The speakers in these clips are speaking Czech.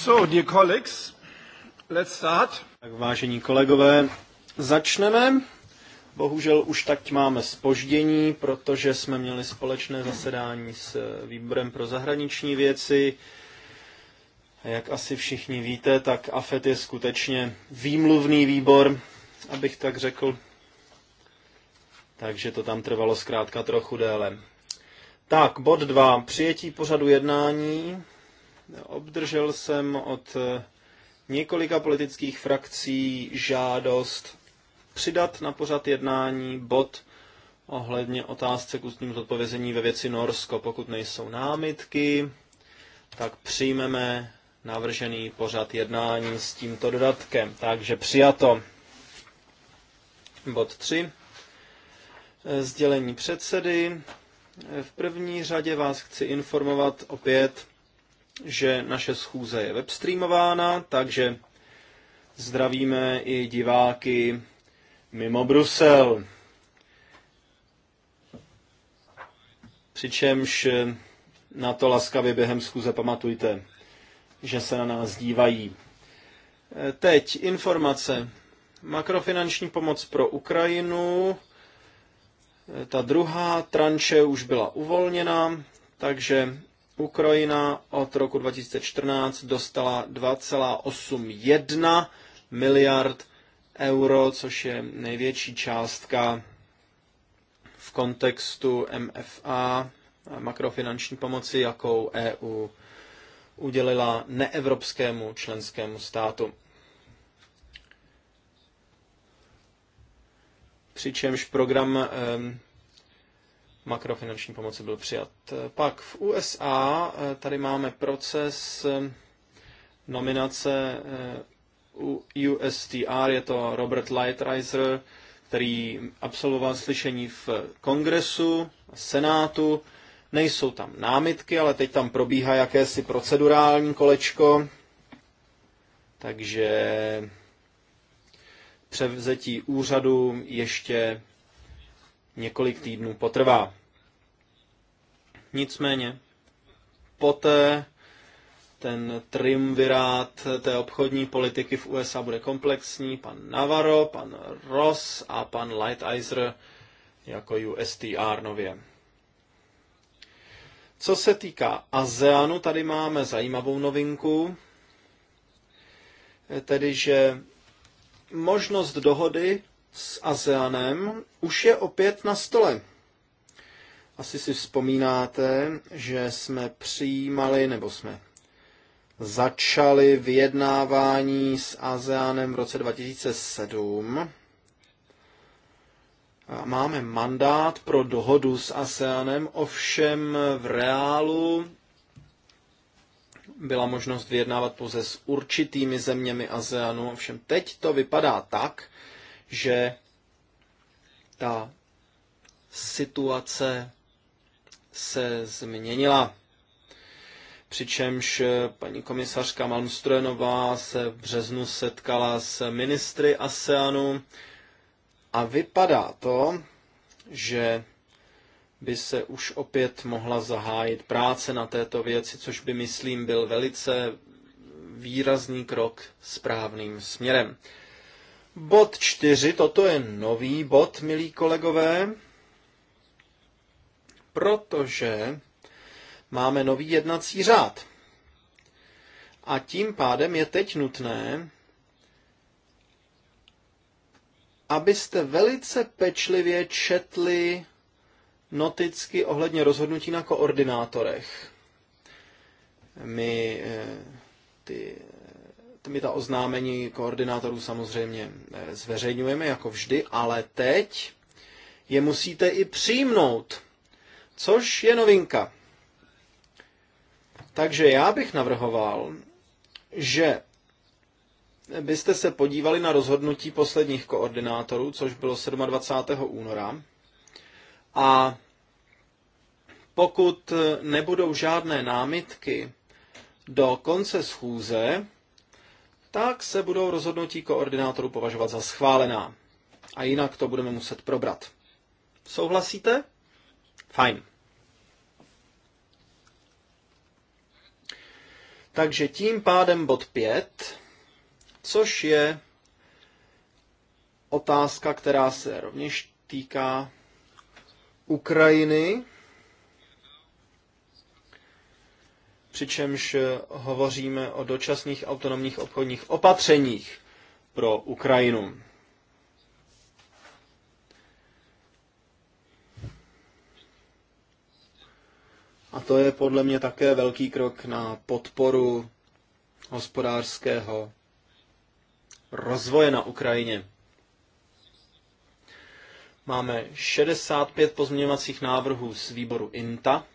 So, dear colleagues, let's start. Tak vážení kolegové, začneme. Bohužel už tak máme spoždění, protože jsme měli společné zasedání s eh, výborem pro zahraniční věci. Jak asi všichni víte, tak AFET je skutečně výmluvný výbor, abych tak řekl. Takže to tam trvalo zkrátka trochu déle. Tak, bod 2. Přijetí pořadu jednání. Obdržel jsem od eh, několika politických frakcí žádost přidat na pořad jednání bod ohledně otázce k ústním zodpovězení ve věci Norsko. Pokud nejsou námitky, tak přijmeme navržený pořad jednání s tímto dodatkem. Takže přijato. Bod 3. Eh, sdělení předsedy. Eh, v první řadě vás chci informovat opět že naše schůze je webstreamována, takže zdravíme i diváky mimo Brusel. Přičemž eh, na to laskavě během schůze pamatujte, že se na nás dívají. Eh, teď informace. Makrofinanční pomoc pro Ukrajinu. Eh, ta druhá tranše už byla uvolněna, takže Ukrajina od roku 2014 dostala 2,81 miliard euro, což je největší částka v kontextu MFA, makrofinanční pomoci, jakou EU udělila neevropskému členskému státu. Přičemž program makrofinanční pomoci byl přijat. Pak v USA eh, tady máme proces eh, nominace eh, u USTR, je to Robert Lightreiser, který absolvoval slyšení v kongresu, senátu, nejsou tam námitky, ale teď tam probíhá jakési procedurální kolečko, takže převzetí úřadu ještě několik týdnů potrvá. Nicméně, poté ten triumvirát té obchodní politiky v USA bude komplexní. Pan Navarro, pan Ross a pan Lighthizer jako USTR nově. Co se týká ASEANu, tady máme zajímavou novinku, tedy že možnost dohody s ASEANem už je opět na stole. Asi si vzpomínáte, že jsme přijímali, nebo jsme začali vyjednávání s ASEANem v roce 2007. Máme mandát pro dohodu s ASEANem, ovšem v reálu byla možnost vyjednávat pouze s určitými zeměmi ASEANu, ovšem teď to vypadá tak, že ta situace se změnila. Přičemž paní komisařka Malmstrojenová se v březnu setkala s ministry ASEANu a vypadá to, že by se už opět mohla zahájit práce na této věci, což by, myslím, byl velice výrazný krok správným směrem. Bod čtyři, toto je nový bod, milí kolegové, protože máme nový jednací řád. A tím pádem je teď nutné, abyste velice pečlivě četli noticky ohledně rozhodnutí na koordinátorech. My eh, ty my ta oznámení koordinátorů samozřejmě eh, zveřejňujeme jako vždy, ale teď je musíte i přijmout, což je novinka. Takže já bych navrhoval, že byste se podívali na rozhodnutí posledních koordinátorů, což bylo 27. února. A pokud nebudou žádné námitky do konce schůze, tak se budou rozhodnutí koordinátorů považovat za schválená. A jinak to budeme muset probrat. Souhlasíte? Fajn. Takže tím pádem bod 5, což je otázka, která se rovněž týká Ukrajiny přičemž hovoříme o dočasných autonomních obchodních opatřeních pro Ukrajinu. A to je podle mě také velký krok na podporu hospodářského rozvoje na Ukrajině. Máme 65 pozměňovacích návrhů z výboru INTA,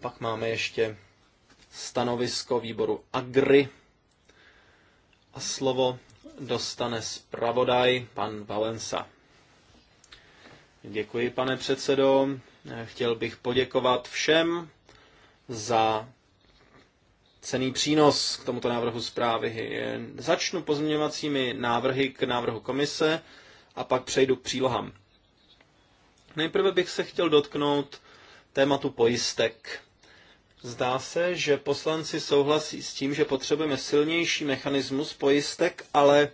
pak máme ještě stanovisko výboru Agri. A slovo dostane zpravodaj pan Valensa. Děkuji, pane předsedo. Chtěl bych poděkovat všem za cený přínos k tomuto návrhu zprávy. Začnu pozměňovacími návrhy k návrhu komise a pak přejdu k přílohám. Nejprve bych se chtěl dotknout tématu pojistek. Zdá se, že poslanci souhlasí s tím, že potřebujeme silnější mechanismus pojistek, ale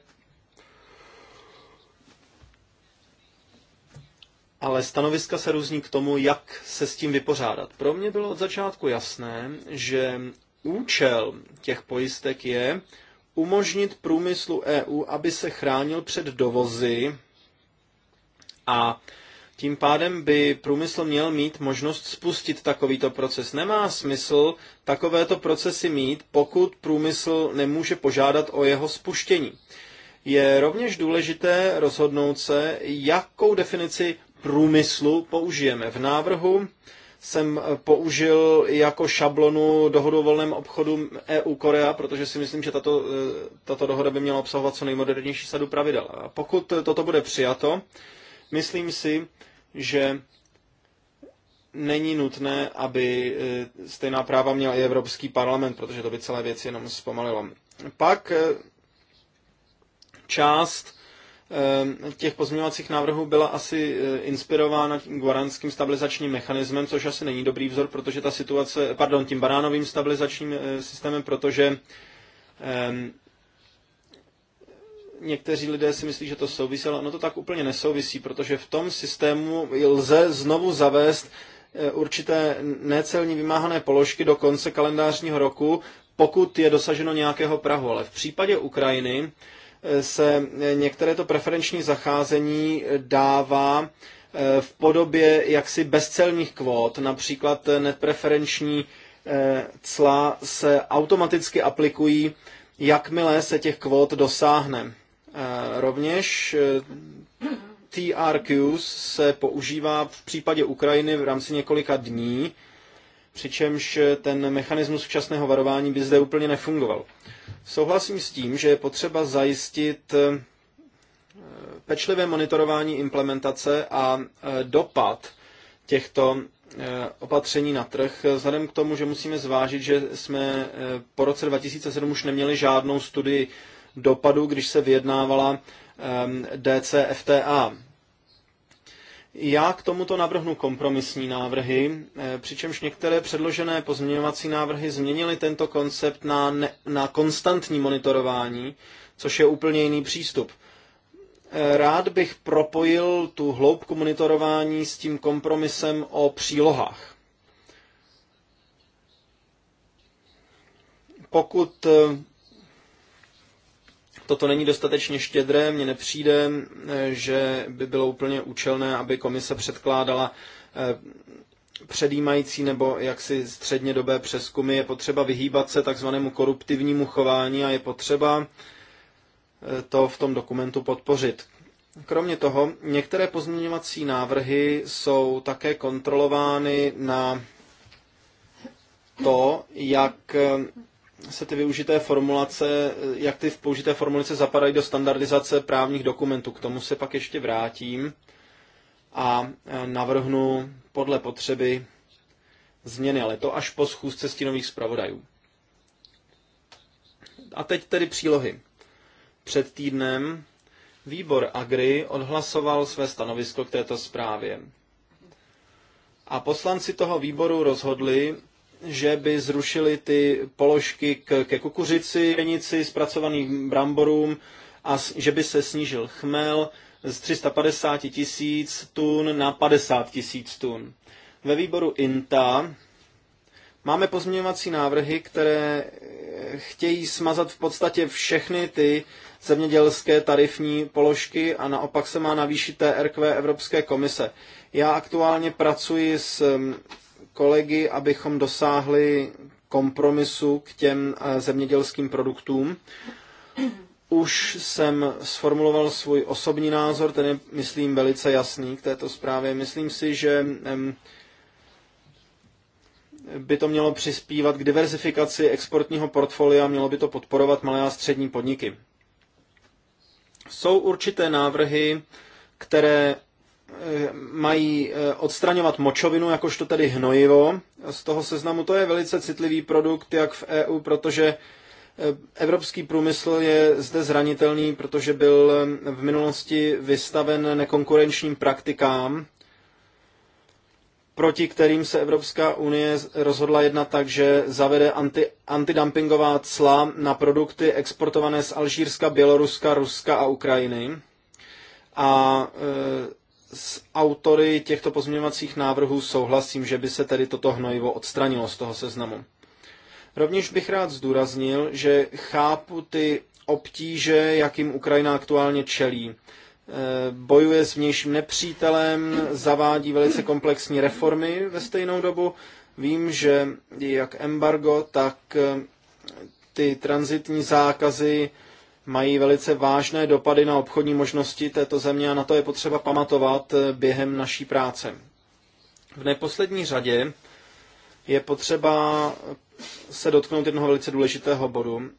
ale stanoviska se různí k tomu, jak se s tím vypořádat. Pro mě bylo od začátku jasné, že účel těch pojistek je umožnit průmyslu EU, aby se chránil před dovozy a tím pádem by průmysl měl mít možnost spustit takovýto proces. Nemá smysl takovéto procesy mít, pokud průmysl nemůže požádat o jeho spuštění. Je rovněž důležité rozhodnout se, jakou definici průmyslu použijeme. V návrhu jsem použil jako šablonu dohodu o volném obchodu EU-Korea, protože si myslím, že tato, e, tato dohoda by měla obsahovat co nejmodernější sadu pravidel. A pokud toto bude přijato, Myslím si, že není nutné, aby eh, stejná práva měl i Evropský parlament, protože to by celé věci jenom zpomalilo. Pak eh, část eh, těch pozměňovacích návrhů byla asi inspirována tím guaranským stabilizačním mechanismem, což asi není dobrý vzor, protože ta situace, pardon, tím banánovým stabilizačním systémem, protože někteří lidé si myslí, že to souvisí, ale ono to tak úplně nesouvisí, protože v tom systému lze znovu zavést eh, určité necelní vymáhané položky do konce kalendářního roku, pokud je dosaženo nějakého prahu. Ale v případě Ukrajiny eh, se eh, některé to preferenční zacházení dává v podobě jaksi bezcelních kvót, například nepreferenční cla se automaticky aplikují, jakmile se těch kvót dosáhne. Rovněž eh, TRQ se používá v případě Ukrajiny v rámci několika dní, přičemž eh, ten mechanismus včasného varování by zde úplně nefungoval. Souhlasím s tím, že je potřeba zajistit eh, pečlivé monitorování implementace a dopad těchto opatření na trh, vzhledem k tomu, že musíme zvážit, že jsme po roce 2007 už neměli žádnou studii dopadu, když se vyjednávala DCFTA. Já k tomuto navrhnu kompromisní návrhy, eh, přičemž některé předložené pozměňovací návrhy změnily tento koncept na, ne, na konstantní monitorování, což je úplně jiný přístup. Eh, rád bych propojil tu hloubku monitorování s tím kompromisem o přílohách. Pokud eh, Toto není dostatečně štědré, mně nepřijde, eh, že by bylo úplně účelné, aby komise předkládala eh, předjímající nebo jaksi střednědobé přeskumy. Je potřeba vyhýbat se takzvanému koruptivnímu chování a je potřeba eh, to v tom dokumentu podpořit. Kromě toho, některé pozměňovací návrhy jsou také kontrolovány na to, jak se ty využité formulace, jak ty použité formulace zapadají do standardizace právních dokumentů. K tomu se pak ještě vrátím a e, navrhnu podle potřeby změny, ale to až po schůzce stínových zpravodajů. A teď tedy přílohy. Před týdnem výbor Agri odhlasoval své stanovisko k této zprávě. A poslanci toho výboru rozhodli, že by zrušili ty položky k, ke kukuřici, penici, zpracovaným bramborům a že by se snížil chmel z 350 tisíc tun na 50 tisíc tun. Ve výboru INTA máme pozměňovací návrhy, které chtějí smazat v podstatě všechny ty zemědělské tarifní položky a naopak se má navýšit TRQ Evropské komise. Já aktuálně pracuji s kolegy, abychom dosáhli kompromisu k těm eh, zemědělským produktům. Už jsem sformuloval svůj osobní názor, ten je, myslím, velice jasný k této zprávě. Myslím si, že by to mělo přispívat k diverzifikaci exportního portfolia, mělo by to podporovat malé a střední podniky. Jsou určité návrhy, které Eh, mají eh, odstraňovat močovinu, jakožto tedy hnojivo z toho seznamu. To je velice citlivý produkt, jak v EU, protože eh, evropský průmysl je zde zranitelný, protože byl v minulosti vystaven nekonkurenčním praktikám, proti kterým se Evropská unie rozhodla jednat tak, že zavede anti, antidumpingová cla na produkty exportované z Alžírska, Běloruska, Ruska a Ukrajiny. A e, s autory těchto pozměňovacích návrhů souhlasím, že by se tedy toto hnojivo odstranilo z toho seznamu. Rovněž bych rád zdůraznil, že chápu ty obtíže, jakým Ukrajina aktuálně čelí. E, bojuje s vnějším nepřítelem, zavádí velice komplexní reformy ve stejnou dobu. Vím, že jak embargo, tak e, ty transitní zákazy mají velice vážné dopady na obchodní možnosti této země a na to je potřeba pamatovat eh, během naší práce. V neposlední řadě je potřeba eh, se dotknout jednoho velice důležitého bodu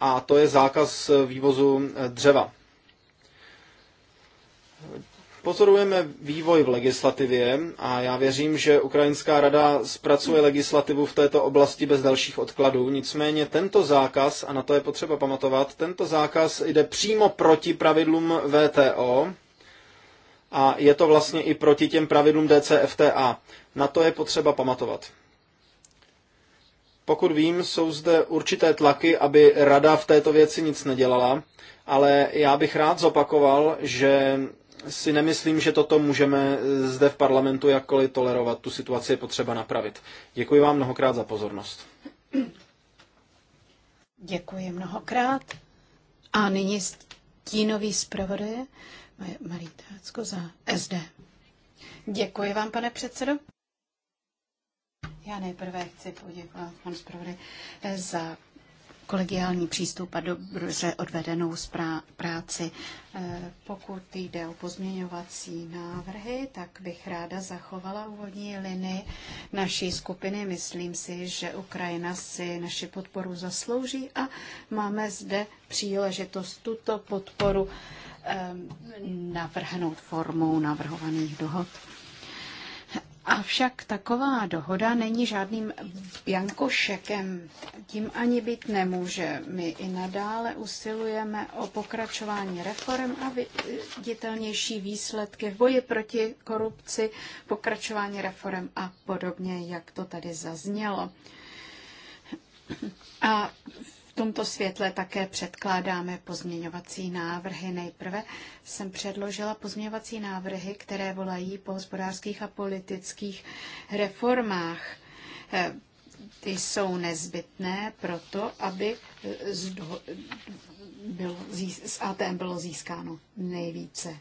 a to je zákaz eh, vývozu dřeva. Pozorujeme vývoj v legislativě a já věřím, že Ukrajinská rada zpracuje legislativu v této oblasti bez dalších odkladů. Nicméně tento zákaz, a na to je potřeba pamatovat, tento zákaz jde přímo proti pravidlům VTO a je to vlastně i proti těm pravidlům DCFTA. Na to je potřeba pamatovat. Pokud vím, jsou zde určité tlaky, aby rada v této věci nic nedělala, ale já bych rád zopakoval, že si nemyslím, že toto můžeme eh, zde v parlamentu jakkoliv tolerovat. Tu situaci je potřeba napravit. Děkuji vám mnohokrát za pozornost. Děkuji mnohokrát. A nyní stínový zpravodaj Marie Tácko za SD. Děkuji vám, pane předsedo. Já nejprve chci poděkovat panu zpravodaj eh, za kolegiální přístup a dobře odvedenou práci. Eh, pokud jde o pozměňovací návrhy, tak bych ráda zachovala úvodní linii naší skupiny. Myslím si, že Ukrajina si naši podporu zaslouží a máme zde příležitost tuto podporu eh, navrhnout formou navrhovaných dohod. Avšak taková dohoda není žádným Jankošekem, Tím ani být nemůže. My i nadále usilujeme o pokračování reform a viditelnější výsledky v boji proti korupci, pokračování reform a podobně, jak to tady zaznělo. A tomto světle také předkládáme pozměňovací návrhy. Nejprve jsem předložila pozměňovací návrhy, které volají po hospodářských a politických reformách. Eh, ty jsou nezbytné proto, aby z, bylo, z ATM bylo získáno nejvíce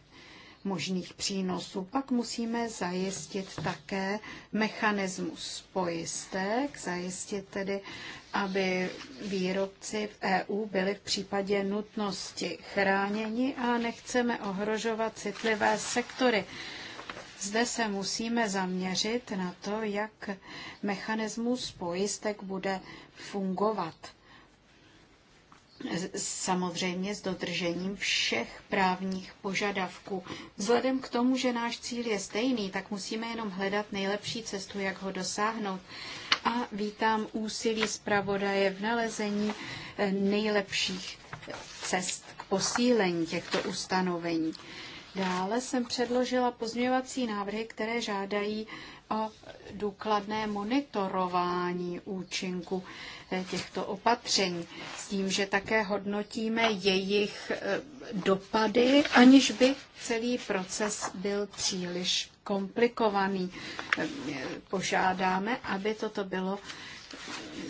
možných přínosů. Pak musíme zajistit také mechanismus pojistek, zajistit tedy, aby výrobci v EU byli v případě nutnosti chráněni a nechceme ohrožovat citlivé sektory. Zde se musíme zaměřit na to, jak mechanismus pojistek bude fungovat samozřejmě s dodržením všech právních požadavků. Vzhledem k tomu, že náš cíl je stejný, tak musíme jenom hledat nejlepší cestu, jak ho dosáhnout. A vítám úsilí zpravodaje v nalezení eh, nejlepších cest k posílení těchto ustanovení. Dále jsem předložila pozměňovací návrhy, které žádají o důkladné monitorování účinku eh, těchto opatření, s tím, že také hodnotíme jejich eh, dopady, aniž by celý proces byl příliš komplikovaný. Eh, požádáme, aby toto bylo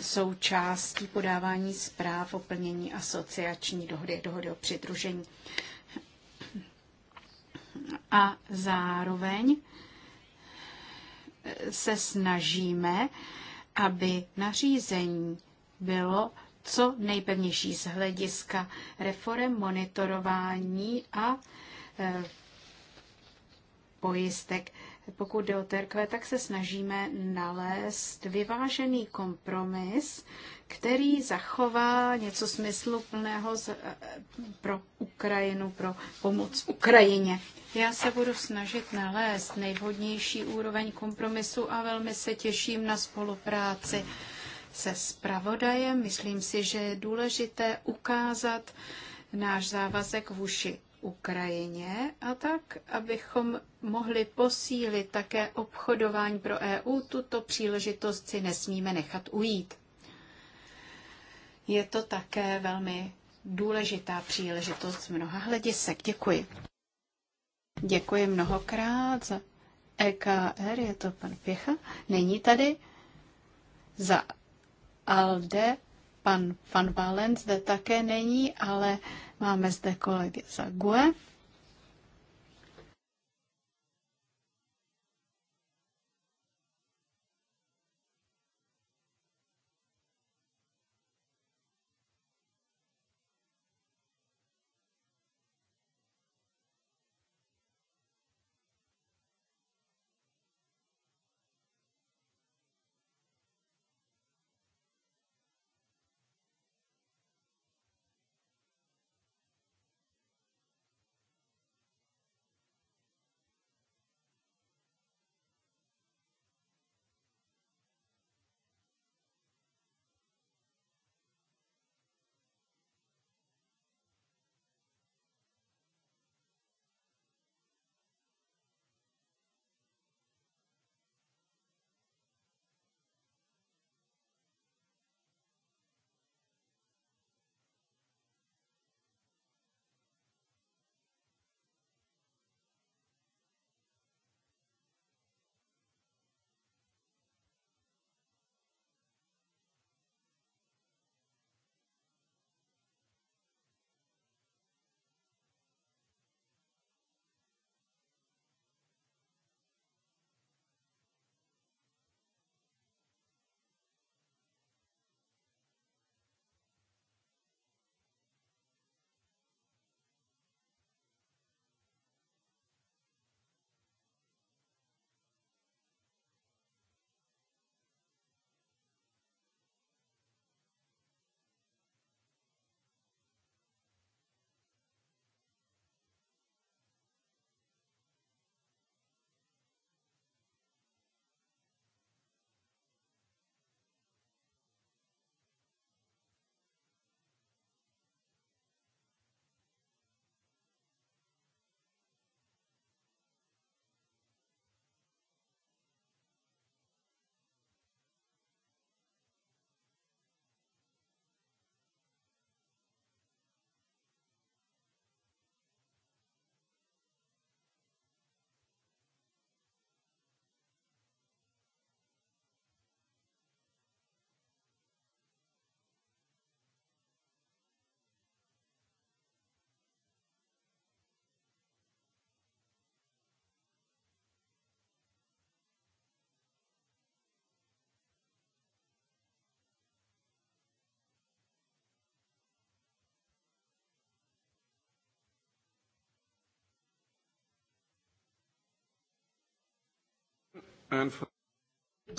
součástí podávání zpráv o plnění asociační dohody, dohody o přidružení. A zároveň se snažíme, aby nařízení bylo co nejpevnější z hlediska reform monitorování a eh, pojistek. Pokud jde o terkve, tak se snažíme nalézt vyvážený kompromis, který zachová něco smysluplného eh, pro Ukrajinu, pro pomoc Ukrajině. Já se budu snažit nalézt nejvhodnější úroveň kompromisu a velmi se těším na spolupráci se spravodajem. Myslím si, že je důležité ukázat náš závazek uši Ukrajině a tak, abychom mohli posílit také obchodování pro EU, tuto příležitost si nesmíme nechat ujít je to také velmi důležitá příležitost z mnoha hledisek. Děkuji. Děkuji mnohokrát za EKR, je to pan Pěcha, není tady. Za ALDE pan Van Valen zde také není, ale máme zde kolegy za GUE.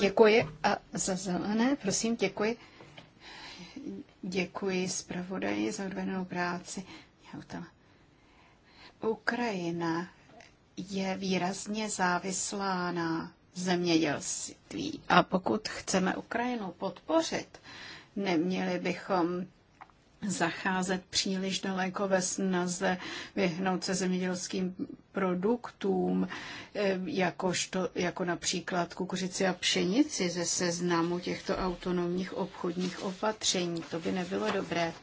Děkuji a za zelené, prosím, děkuji. Děkuji zpravodaji za odvedenou práci. Ukrajina je výrazně závislá na zemědělství. A pokud chceme Ukrajinu podpořit, neměli bychom zacházet příliš daleko ve snaze vyhnout se zemědělským produktům, eh, jakožto, jako například kukuřici a pšenici ze seznamu těchto autonomních obchodních opatření. To by nebylo dobré.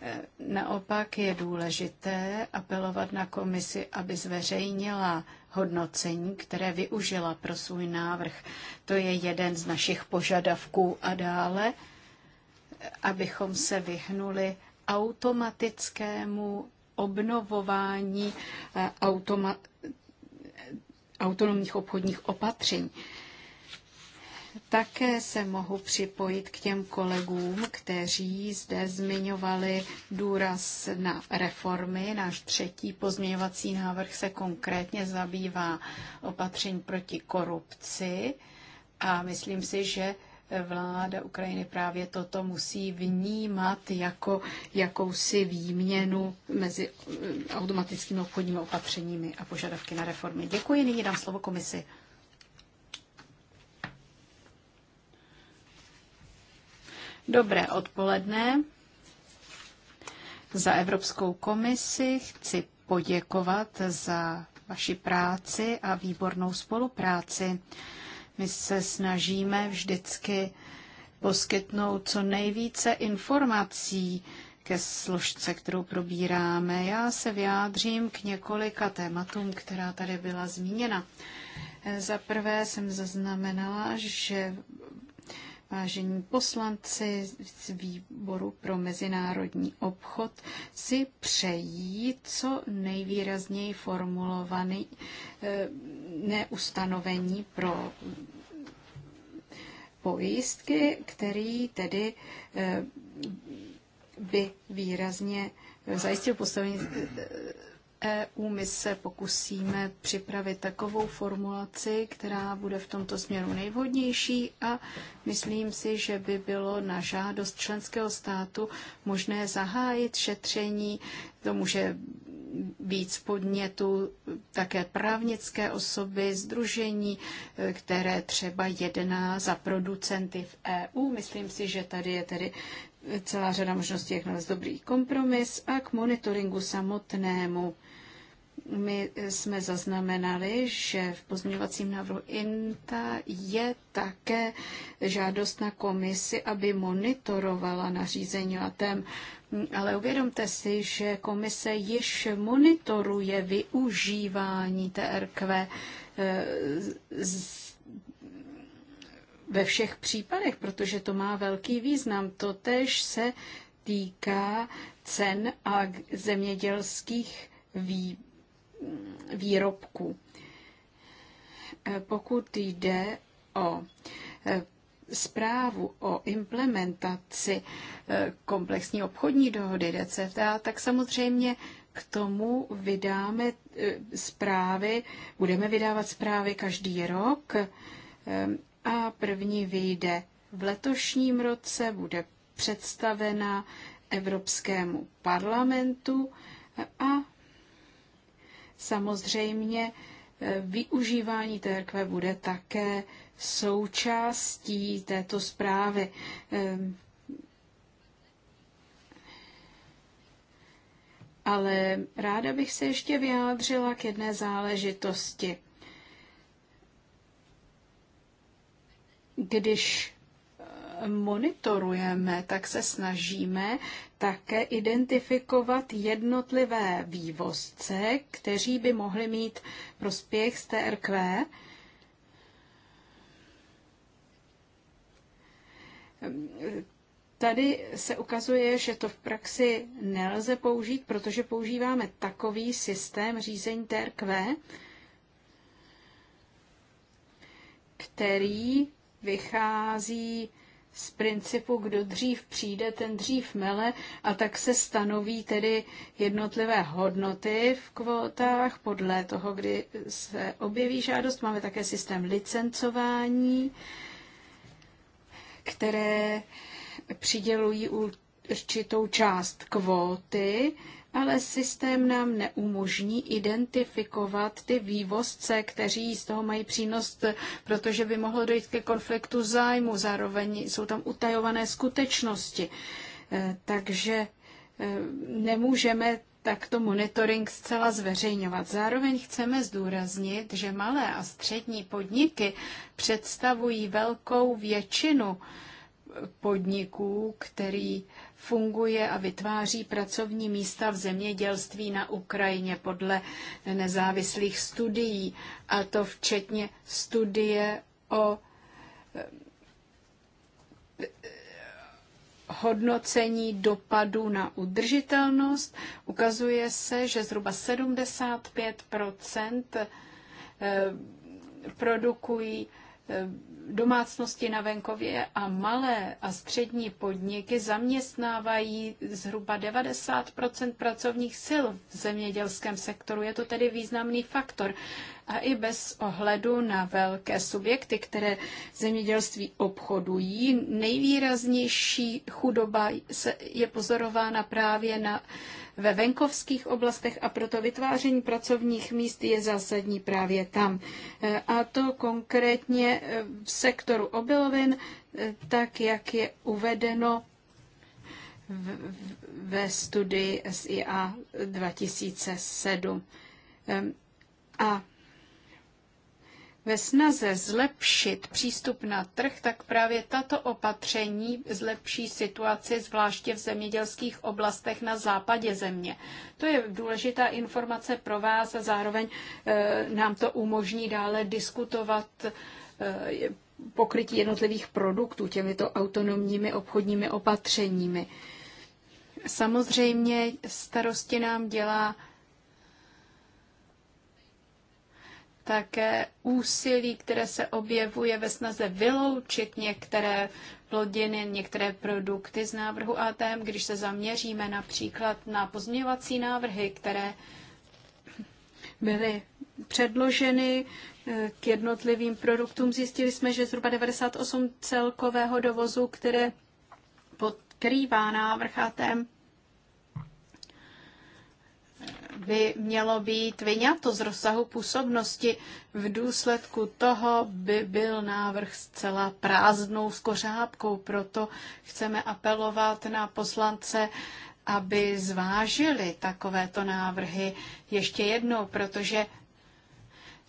Eh, naopak je důležité apelovat na komisi, aby zveřejnila hodnocení, které využila pro svůj návrh. To je jeden z našich požadavků a dále, eh, abychom se vyhnuli automatickému obnovování eh, automa- autonomních obchodních opatření. Také se mohu připojit k těm kolegům, kteří zde zmiňovali důraz na reformy. Náš třetí pozměňovací návrh se konkrétně zabývá opatření proti korupci a myslím si, že vláda Ukrajiny právě toto musí vnímat jako jakousi výměnu mezi eh, automatickými obchodními opatřeními a požadavky na reformy. Děkuji, nyní dám slovo komisi. Dobré odpoledne. Za Evropskou komisi chci poděkovat za vaši práci a výbornou spolupráci. My se snažíme vždycky poskytnout co nejvíce informací ke složce, kterou probíráme. Já se vyjádřím k několika tématům, která tady byla zmíněna. Za prvé jsem zaznamenala, že Vážení poslanci z výboru pro mezinárodní obchod si přejí co nejvýrazněji formulovaný eh, neustanovení pro pojistky, který tedy eh, by výrazně zajistil postavení eh, EU my se pokusíme připravit takovou formulaci, která bude v tomto směru nejvhodnější a myslím si, že by bylo na žádost členského státu možné zahájit šetření. To může být z podnětu také právnické osoby, združení, které třeba jedná za producenty v EU. Myslím si, že tady je tedy celá řada možností, jak nalézt dobrý kompromis a k monitoringu samotnému. My jsme zaznamenali, že v pozměňovacím návrhu INTA je také žádost na komisi, aby monitorovala nařízení LATEM. Ale uvědomte si, že komise již monitoruje využívání TRQ eh, z ve všech případech, protože to má velký význam. Totež se týká cen a zemědělských vý, výrobků. E, pokud jde o e, zprávu o implementaci e, komplexní obchodní dohody DCFTA, tak samozřejmě k tomu vydáme zprávy, budeme vydávat zprávy každý rok a první vyjde v letošním roce, bude představena Evropskému parlamentu a samozřejmě eh, využívání TRQ bude také součástí této zprávy. Eh, ale ráda bych se ještě vyjádřila k jedné záležitosti. Když eh, monitorujeme, tak se snažíme také identifikovat jednotlivé vývozce, kteří by mohli mít prospěch z TRQ. Tady se ukazuje, že to v praxi nelze použít, protože používáme takový systém řízení TRQ, který vychází z principu, kdo dřív přijde, ten dřív mele a tak se stanoví tedy jednotlivé hodnoty v kvótách podle toho, kdy se objeví žádost. Máme také systém licencování, které přidělují určitou část kvóty, ale systém nám neumožní identifikovat ty vývozce, kteří z toho mají přínos, protože by mohlo dojít ke konfliktu zájmu. Zároveň jsou tam utajované skutečnosti. E, takže e, nemůžeme takto monitoring zcela zveřejňovat. Zároveň chceme zdůraznit, že malé a střední podniky představují velkou většinu podniků, který funguje a vytváří pracovní místa v zemědělství na Ukrajině podle nezávislých studií, a to včetně studie o eh, hodnocení dopadu na udržitelnost. Ukazuje se, že zhruba 75 eh, produkují eh, domácnosti na venkově a malé a střední podniky zaměstnávají zhruba 90 pracovních sil v zemědělském sektoru. Je to tedy významný faktor. A i bez ohledu na velké subjekty, které zemědělství obchodují, nejvýraznější chudoba je pozorována právě na ve venkovských oblastech a proto vytváření pracovních míst je zásadní právě tam. E, a to konkrétně e, v sektoru obilovin, e, tak jak je uvedeno ve studii SIA 2007. A ve snaze zlepšit přístup na trh, tak právě tato opatření zlepší situaci, zvláště v zemědělských oblastech na západě země. To je důležitá informace pro vás a zároveň eh, nám to umožní dále diskutovat eh, pokrytí jednotlivých produktů těmito autonomními obchodními opatřeními. Samozřejmě starosti nám dělá také úsilí, které se objevuje ve snaze vyloučit některé plodiny, některé produkty z návrhu ATM, když se zaměříme například na pozměňovací návrhy, které byly předloženy eh, k jednotlivým produktům. Zjistili jsme, že zhruba 98 celkového dovozu, které pokrývá návrh ATM, by mělo být vyňato z rozsahu působnosti. V důsledku toho by byl návrh zcela prázdnou skořápkou. Proto chceme apelovat na poslance, aby zvážili takovéto návrhy ještě jednou, protože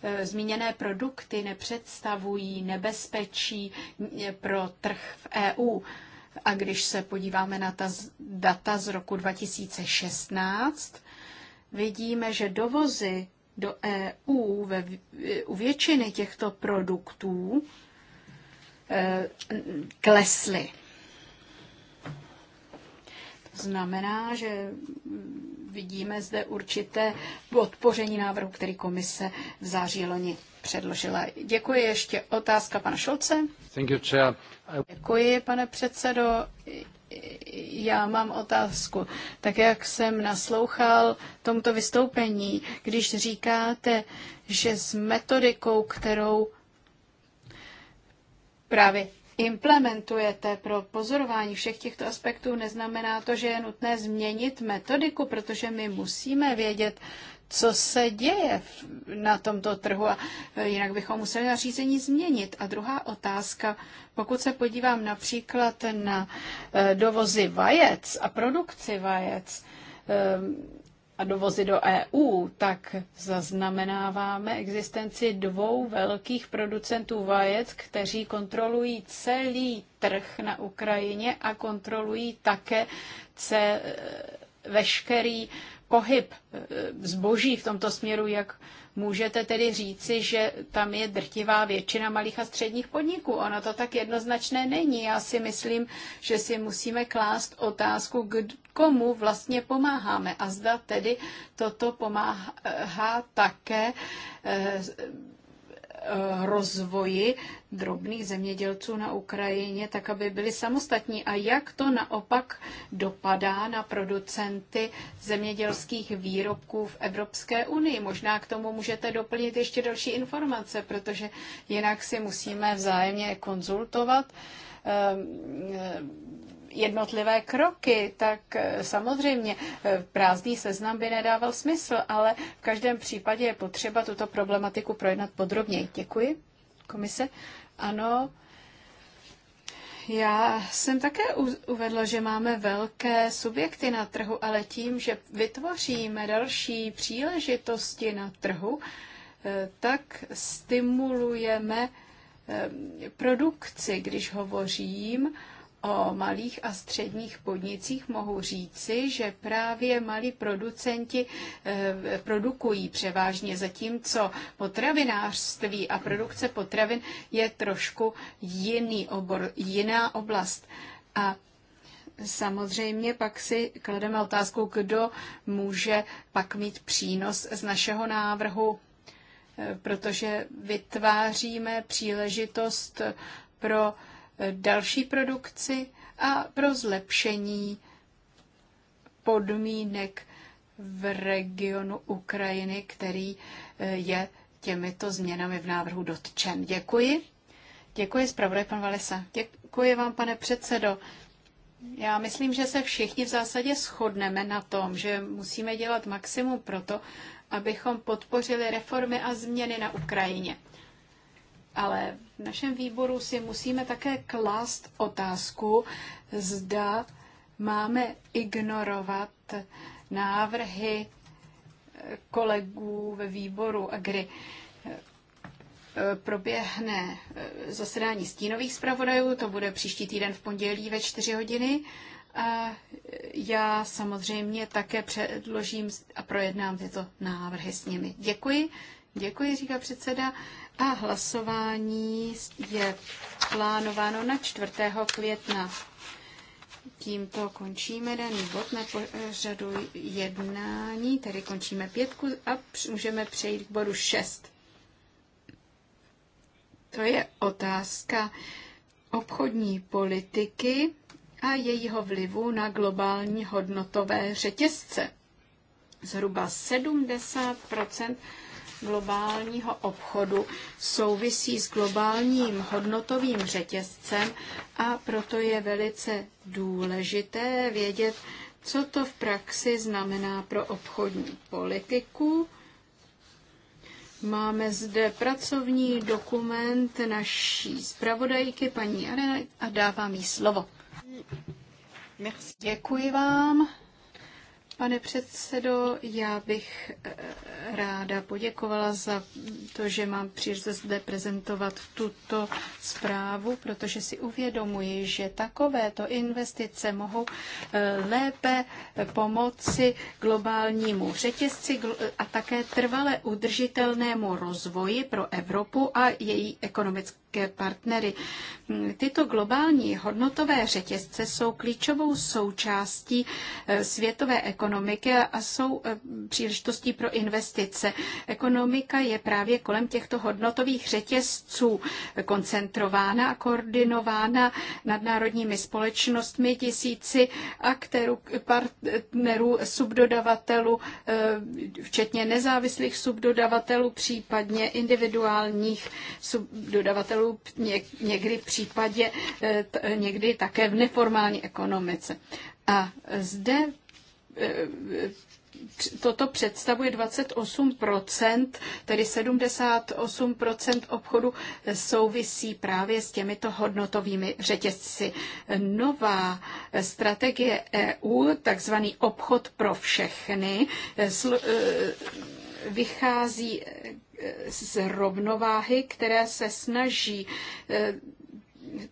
e, zmíněné produkty nepředstavují nebezpečí e, pro trh v EU. A když se podíváme na ta data z roku 2016, vidíme, že dovozy do EU ve, u většiny těchto produktů eh, klesly. To znamená, že vidíme zde určité podpoření návrhu, který komise v září loni předložila. Děkuji. Ještě otázka pana Šolce. Děkuji, pane předsedo já mám otázku. Tak jak jsem naslouchal tomto vystoupení, když říkáte, že s metodikou, kterou právě implementujete pro pozorování všech těchto aspektů, neznamená to, že je nutné změnit metodiku, protože my musíme vědět, co se děje na tomto trhu a e, jinak bychom museli nařízení změnit. A druhá otázka, pokud se podívám například na e, dovozy vajec a produkci vajec e, a dovozy do EU, tak zaznamenáváme existenci dvou velkých producentů vajec, kteří kontrolují celý trh na Ukrajině a kontrolují také ce, veškerý pohyb eh, zboží v tomto směru, jak můžete tedy říci, že tam je drtivá většina malých a středních podniků. Ono to tak jednoznačné není. Já si myslím, že si musíme klást otázku, kd, komu vlastně pomáháme a zda tedy toto pomáhá také eh, Eh, rozvoji drobných zemědělců na Ukrajině, tak aby byli samostatní. A jak to naopak dopadá na producenty zemědělských výrobků v Evropské unii? Možná k tomu můžete doplnit ještě další informace, protože jinak si musíme vzájemně konzultovat ehm, jednotlivé kroky, tak eh, samozřejmě eh, prázdný seznam by nedával smysl, ale v každém případě je potřeba tuto problematiku projednat podrobněji. Děkuji. Komise? Ano. Já jsem také uvedla, že máme velké subjekty na trhu, ale tím, že vytvoříme další příležitosti na trhu, eh, tak stimulujeme produkci, když hovořím o malých a středních podnicích mohu říci, že právě malí producenti eh, produkují převážně, zatímco potravinářství a produkce potravin je trošku jiný obor, jiná oblast. A Samozřejmě pak si klademe otázku, kdo může pak mít přínos z našeho návrhu, eh, protože vytváříme příležitost pro další produkci a pro zlepšení podmínek v regionu Ukrajiny, který eh, je těmito změnami v návrhu dotčen. Děkuji. Děkuji, zpravodaj pan Valesa. Děkuji vám, pane předsedo. Já myslím, že se všichni v zásadě shodneme na tom, že musíme dělat maximum pro to, abychom podpořili reformy a změny na Ukrajině. Ale v našem výboru si musíme také klást otázku, zda máme ignorovat návrhy eh, kolegů ve výboru kdy eh, Proběhne eh, zasedání stínových zpravodajů, to bude příští týden v pondělí ve 4 hodiny. A já samozřejmě také předložím a projednám tyto návrhy s nimi. Děkuji. Děkuji, říká předseda. A hlasování je plánováno na 4. května. Tímto končíme daný bod na pořadu jednání, tedy končíme pětku a můžeme přejít k bodu 6. To je otázka obchodní politiky a jejího vlivu na globální hodnotové řetězce. Zhruba 70 globálního obchodu souvisí s globálním hodnotovým řetězcem a proto je velice důležité vědět, co to v praxi znamená pro obchodní politiku. Máme zde pracovní dokument naší zpravodajky paní Arena a dávám jí slovo. Děkuji vám. Pane předsedo, já bych eh, ráda poděkovala za to, že mám příležitost zde prezentovat tuto zprávu, protože si uvědomuji, že takovéto investice mohou eh, lépe pomoci globálnímu řetězci a také trvale udržitelnému rozvoji pro Evropu a její ekonomické strategické partnery. Tyto globální hodnotové řetězce jsou klíčovou součástí eh, světové ekonomiky a jsou eh, příležitostí pro investice. Ekonomika je právě kolem těchto hodnotových řetězců eh, koncentrována a koordinována nadnárodními společnostmi, tisíci aktérů, partnerů, subdodavatelů, včetně nezávislých subdodavatelů, případně individuálních subdodavatelů podnikatelů, někdy v případě, eh, eh, někdy také v neformální ekonomice. A zde eh, toto představuje 28%, tedy 78% obchodu souvisí právě s těmito hodnotovými řetězci. Nová strategie EU, takzvaný obchod pro všechny, vychází z rovnováhy, které se snaží eh,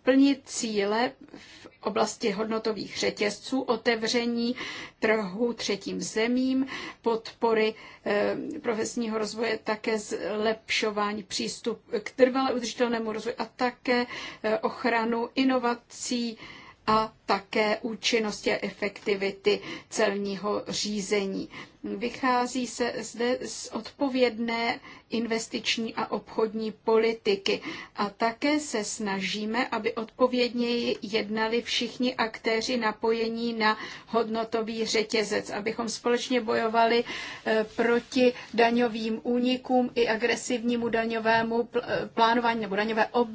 plnit cíle v oblasti hodnotových řetězců, otevření trhu třetím zemím, podpory eh, profesního rozvoje, také zlepšování přístup k trvale udržitelnému rozvoji a také eh, ochranu inovací, a také účinnosti a efektivity celního řízení. Vychází se zde z odpovědné investiční a obchodní politiky a také se snažíme, aby odpovědněji jednali všichni aktéři napojení na hodnotový řetězec, abychom společně bojovali eh, proti daňovým únikům i agresivnímu daňovému plánování nebo daňové ob-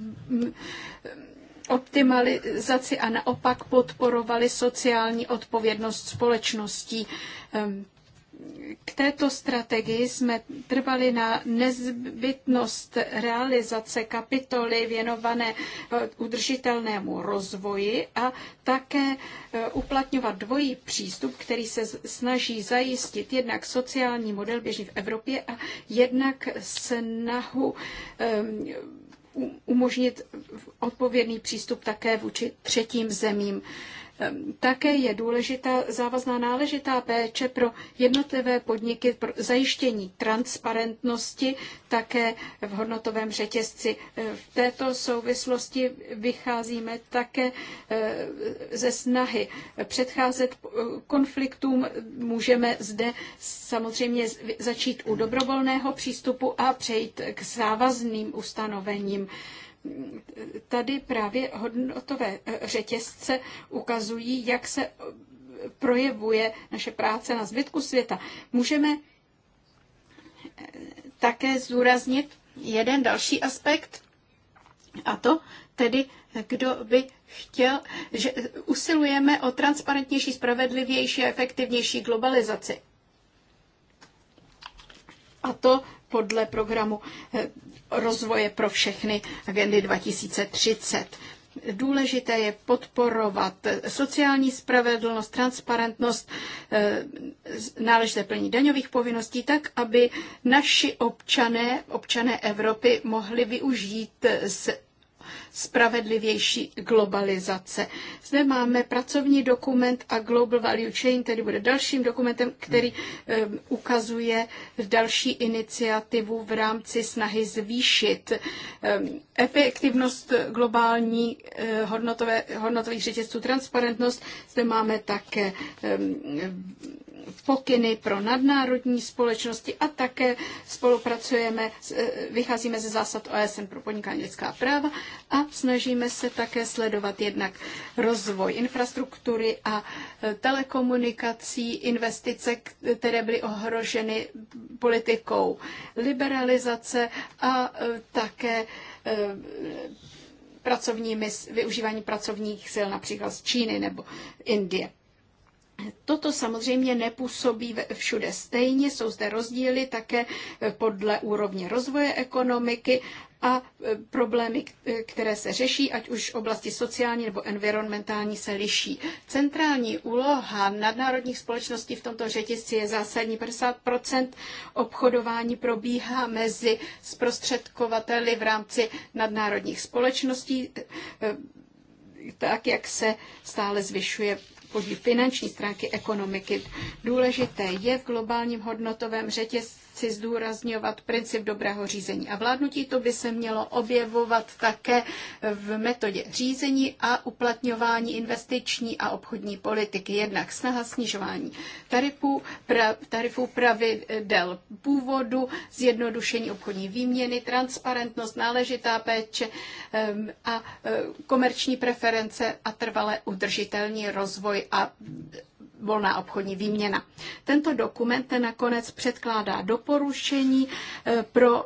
optimalizaci a naopak podporovali sociální odpovědnost společností. Ehm, k této strategii jsme trvali na nezbytnost realizace kapitoly věnované e, udržitelnému rozvoji a také e, uplatňovat dvojí přístup, který se snaží zajistit jednak sociální model běžný v Evropě a jednak snahu ehm, umožnit odpovědný přístup také vůči třetím zemím. Ehm, také je důležitá závazná náležitá péče pro jednotlivé podniky pro zajištění transparentnosti také v hodnotovém řetězci. Ehm, v této souvislosti vycházíme také ehm, ze snahy předcházet eh, konfliktům. Můžeme zde samozřejmě začít u dobrovolného přístupu a přejít k závazným ustanovením tady právě hodnotové eh, řetězce ukazují, jak se projevuje naše práce na zbytku světa. Můžeme eh, také zúraznit jeden další aspekt, a to tedy, kdo by chtěl, že usilujeme o transparentnější, spravedlivější a efektivnější globalizaci a to podle programu eh, rozvoje pro všechny agendy 2030. Důležité je podporovat eh, sociální spravedlnost, transparentnost, eh, náležité plní daňových povinností, tak aby naši občané, občané Evropy, mohli využít spravedlivější globalizace. Zde máme pracovní dokument a Global Value Chain, který bude dalším dokumentem, který ukazuje další iniciativu v rámci snahy zvýšit efektivnost globální eh, hodnotové, hodnotových řetězců, transparentnost. Zde máme také pokyny pro nadnárodní společnosti a také spolupracujeme, e, vycházíme ze zásad OSN pro podnikání lidská práva a snažíme se také sledovat jednak rozvoj infrastruktury a e, telekomunikací, investice, které byly ohroženy politikou liberalizace a e, také pracovními, využívání pracovních sil například z Číny nebo Indie. Toto samozřejmě nepůsobí všude stejně, jsou zde rozdíly také eh, podle úrovně rozvoje ekonomiky a eh, problémy, eh, které se řeší, ať už v oblasti sociální nebo environmentální, se liší. Centrální úloha nadnárodních společností v tomto řetězci je zásadní. 50 obchodování probíhá mezi zprostředkovateli v rámci nadnárodních společností, tak jak se stále zvyšuje podíl finanční stránky ekonomiky. Důležité je v globálním hodnotovém řetězci chci zdůrazňovat princip dobrého řízení a vládnutí. To by se mělo objevovat také v metodě řízení a uplatňování investiční a obchodní politiky. Jednak snaha snižování tarifů, pra, tarifů pravidel původu, zjednodušení obchodní výměny, transparentnost, náležitá péče a komerční preference a trvale udržitelný rozvoj a volná obchodní výměna. Tento dokument ten nakonec předkládá doporušení eh, pro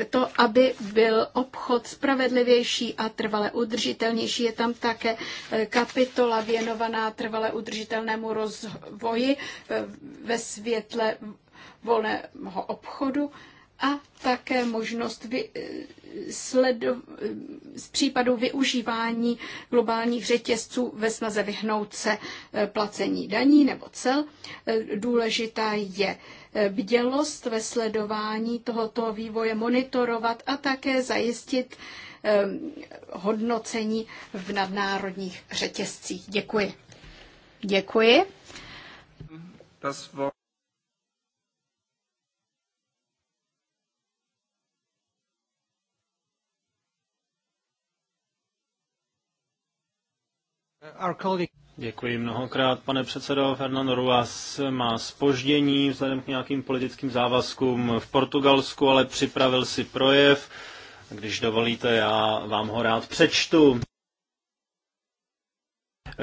eh, to, aby byl obchod spravedlivější a trvale udržitelnější. Je tam také eh, kapitola věnovaná trvale udržitelnému rozvoji ve světle volného obchodu a také možnost vy, eh, sledo, eh, z případu využívání globálních řetězců ve snaze vyhnout se eh, placení daní nebo cel. Důležitá je bdělost ve sledování tohoto vývoje, monitorovat a také zajistit hodnocení v nadnárodních řetězcích. Děkuji. Děkuji. Děkuji mnohokrát, pane předsedo. Fernando Ruas má spoždění vzhledem k nějakým politickým závazkům v Portugalsku, ale připravil si projev. Když dovolíte, já vám ho rád přečtu.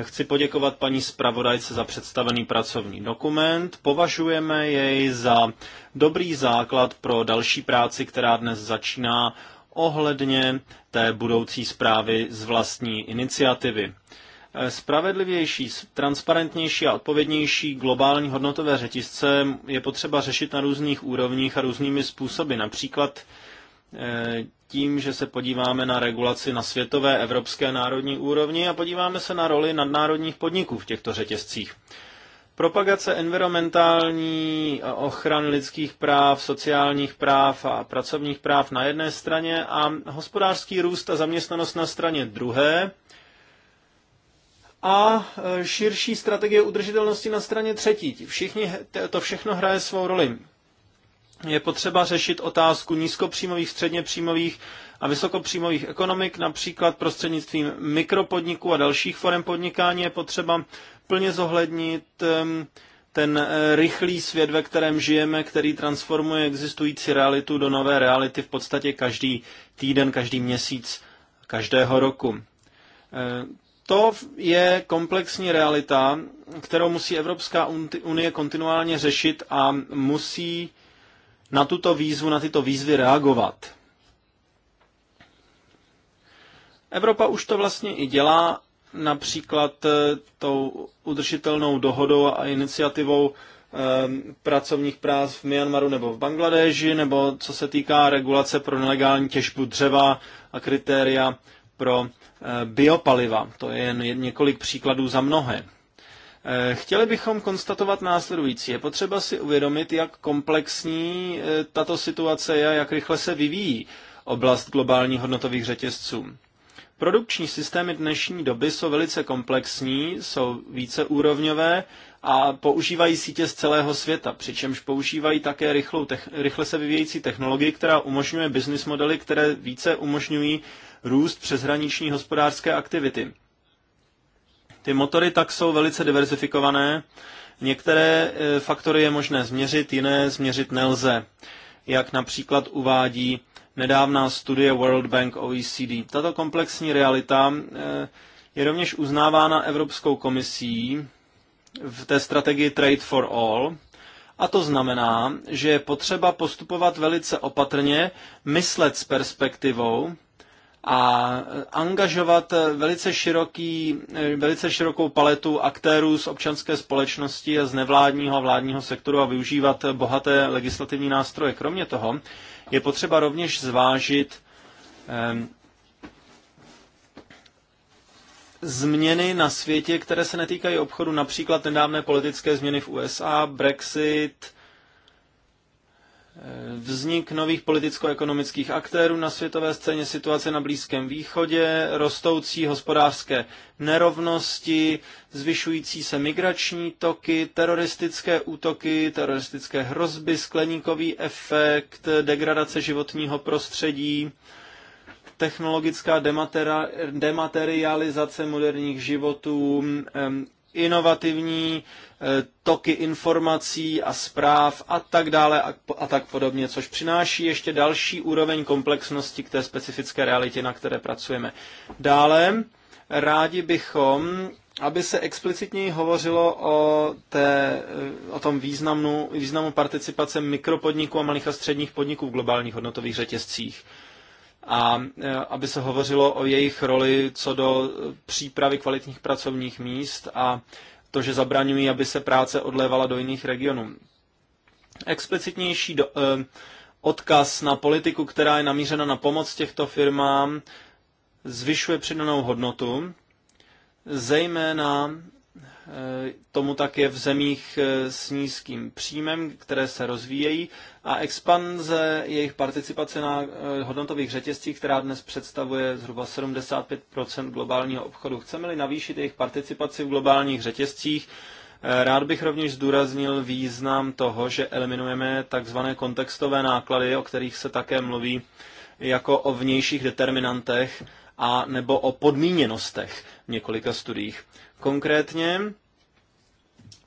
Chci poděkovat paní zpravodajce za představený pracovní dokument. Považujeme jej za dobrý základ pro další práci, která dnes začíná ohledně té budoucí zprávy z vlastní iniciativy. Spravedlivější, transparentnější a odpovědnější globální hodnotové řetězce je potřeba řešit na různých úrovních a různými způsoby. Například eh, tím, že se podíváme na regulaci na světové, evropské, národní úrovni a podíváme se na roli nadnárodních podniků v těchto řetězcích. Propagace environmentální ochran lidských práv, sociálních práv a pracovních práv na jedné straně a hospodářský růst a zaměstnanost na straně druhé a e, širší strategie udržitelnosti na straně třetí. Všichni, to všechno hraje svou roli. Je potřeba řešit otázku nízkopříjmových, středněpříjmových a vysokopříjmových ekonomik, například prostřednictvím mikropodniků a dalších forem podnikání je potřeba plně zohlednit ten e, rychlý svět, ve kterém žijeme, který transformuje existující realitu do nové reality v podstatě každý týden, každý měsíc, každého roku. E, to je komplexní realita, kterou musí Evropská unie kontinuálně řešit a musí na tuto výzvu, na tyto výzvy reagovat. Evropa už to vlastně i dělá, například eh, tou udržitelnou dohodou a iniciativou ehm, pracovních práv v Myanmaru nebo v Bangladeži, nebo co se týká regulace pro nelegální těžbu dřeva a kritéria pro Eh, biopaliva. To je jen několik příkladů za mnohé. Eh, chtěli bychom konstatovat následující. Je potřeba si uvědomit, jak komplexní eh, tato situace je a jak rychle se vyvíjí oblast globálních hodnotových řetězců. Produkční systémy dnešní doby jsou velice komplexní, jsou úrovňové a používají sítě z celého světa, přičemž používají také rychlou, rychle se vyvíjející technologii, která umožňuje business modely, které více umožňují růst přeshraniční hospodářské aktivity. Ty motory tak jsou velice diverzifikované. Některé e, faktory je možné změřit, jiné změřit nelze, jak například uvádí nedávná studie World Bank OECD. Tato komplexní realita e, je rovněž uznávána Evropskou komisí v té strategii Trade for All, a to znamená, že je potřeba postupovat velice opatrně, myslet s perspektivou a angažovat velice, široký, velice širokou paletu aktérů z občanské společnosti a z nevládního a vládního sektoru a využívat bohaté legislativní nástroje. Kromě toho je potřeba rovněž zvážit eh, změny na světě, které se netýkají obchodu, například nedávné politické změny v USA, Brexit, Vznik nových politicko-ekonomických aktérů na světové scéně, situace na Blízkém východě, rostoucí hospodářské nerovnosti, zvyšující se migrační toky, teroristické útoky, teroristické hrozby, skleníkový efekt, degradace životního prostředí, technologická dematerializace moderních životů, inovativní e, toky informací a zpráv a tak dále a tak podobně, což přináší ještě další úroveň komplexnosti k té specifické realitě, na které pracujeme. Dále rádi bychom, aby se explicitněji hovořilo o, té, e, o tom významu, významu participace mikropodniků a malých a středních podniků v globálních hodnotových řetězcích a e, aby se hovořilo o jejich roli co do přípravy kvalitních pracovních míst a to, že zabraňují, aby se práce odlévala do jiných regionů. Explicitnější do, eh, odkaz na politiku, která je namířena na pomoc těchto firmám, zvyšuje přidanou hodnotu, zejména Eh, tomu tak je v zemích eh, s nízkým příjmem, které se rozvíjejí a expanze jejich participace na eh, hodnotových řetězcích, která dnes představuje zhruba 75 globálního obchodu. Chceme-li navýšit jejich participaci v globálních řetězcích, Rád bych rovněž zdůraznil význam toho, že eliminujeme tzv. kontextové náklady, o kterých se také mluví, jako o vnějších determinantech a nebo o podmíněnostech v několika studiích. Konkrétně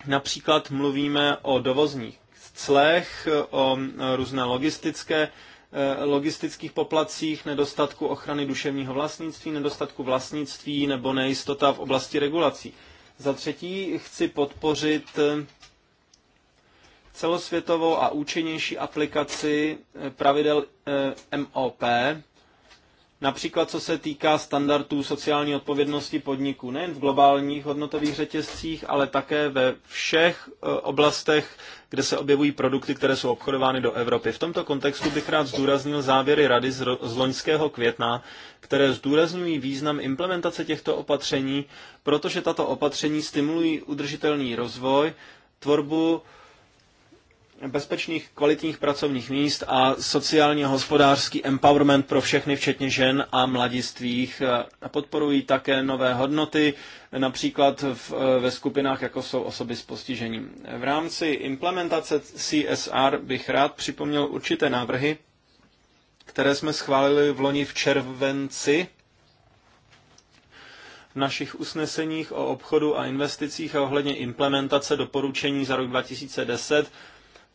Například mluvíme o dovozních clech, o různé logistické eh, logistických poplacích, nedostatku ochrany duševního vlastnictví, nedostatku vlastnictví nebo nejistota v oblasti regulací. Za třetí chci podpořit eh, celosvětovou a účinnější aplikaci eh, pravidel MOP například co se týká standardů sociální odpovědnosti podniků, nejen v globálních hodnotových řetězcích, ale také ve všech e, oblastech, kde se objevují produkty, které jsou obchodovány do Evropy. V tomto kontextu bych rád zdůraznil závěry Rady z loňského května, které zdůrazňují význam implementace těchto opatření, protože tato opatření stimulují udržitelný rozvoj, tvorbu bezpečných, kvalitních pracovních míst a sociálně hospodářský empowerment pro všechny, včetně žen a mladistvých. E, podporují také nové hodnoty, například v, e, ve skupinách, jako jsou osoby s postižením. E, v rámci implementace CSR bych rád připomněl určité návrhy, které jsme schválili v loni v červenci v našich usneseních o obchodu a investicích a ohledně implementace doporučení za rok 2010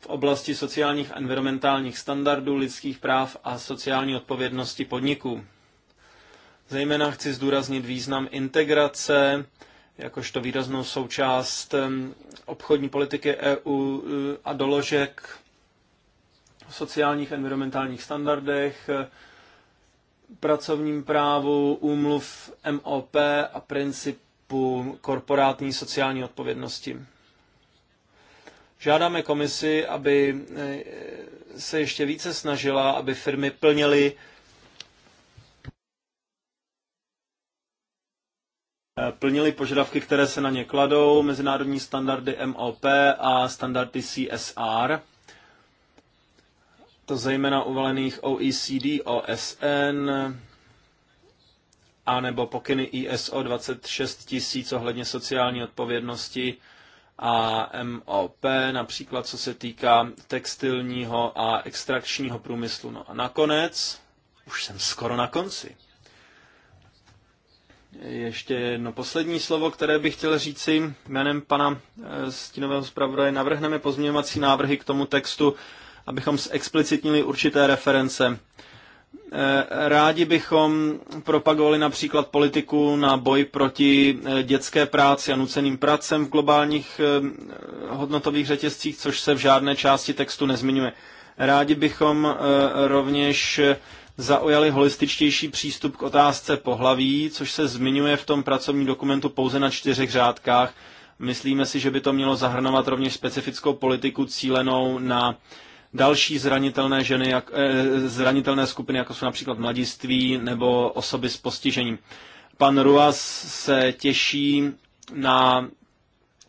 v oblasti sociálních a environmentálních standardů, lidských práv a sociální odpovědnosti podniků. Zejména chci zdůraznit význam integrace jakožto výraznou součást obchodní politiky EU e, a doložek v sociálních environmentálních standardech, e, pracovním právu, úmluv MOP a principu korporátní sociální odpovědnosti. Žádáme komisi, aby eh, se ještě více snažila, aby firmy plnily eh, plnili požadavky, které se na ně kladou, mezinárodní standardy MOP a standardy CSR, to zejména uvalených OECD, OSN, a nebo pokyny ISO 26000 ohledně sociální odpovědnosti a MOP, například co se týká textilního a extrakčního průmyslu. No a nakonec, už jsem skoro na konci. Ještě jedno poslední slovo, které bych chtěl říci jménem pana eh, Stinového zpravodaje. Navrhneme pozměňovací návrhy k tomu textu, abychom zexplicitnili určité reference Eh, rádi bychom propagovali například politiku na boj proti eh, dětské práci a nuceným pracem v globálních eh, hodnotových řetězcích, což se v žádné části textu nezmiňuje. Rádi bychom rovněž zaujali holističtější přístup k otázce pohlaví, což se zmiňuje v tom pracovním dokumentu pouze na čtyřech řádkách. Myslíme si, že by to mělo zahrnovat rovněž specifickou politiku cílenou na další zranitelné, ženy, jak, eh, zranitelné skupiny, jako jsou například mladiství nebo osoby s postižením. Pan Ruas se těší na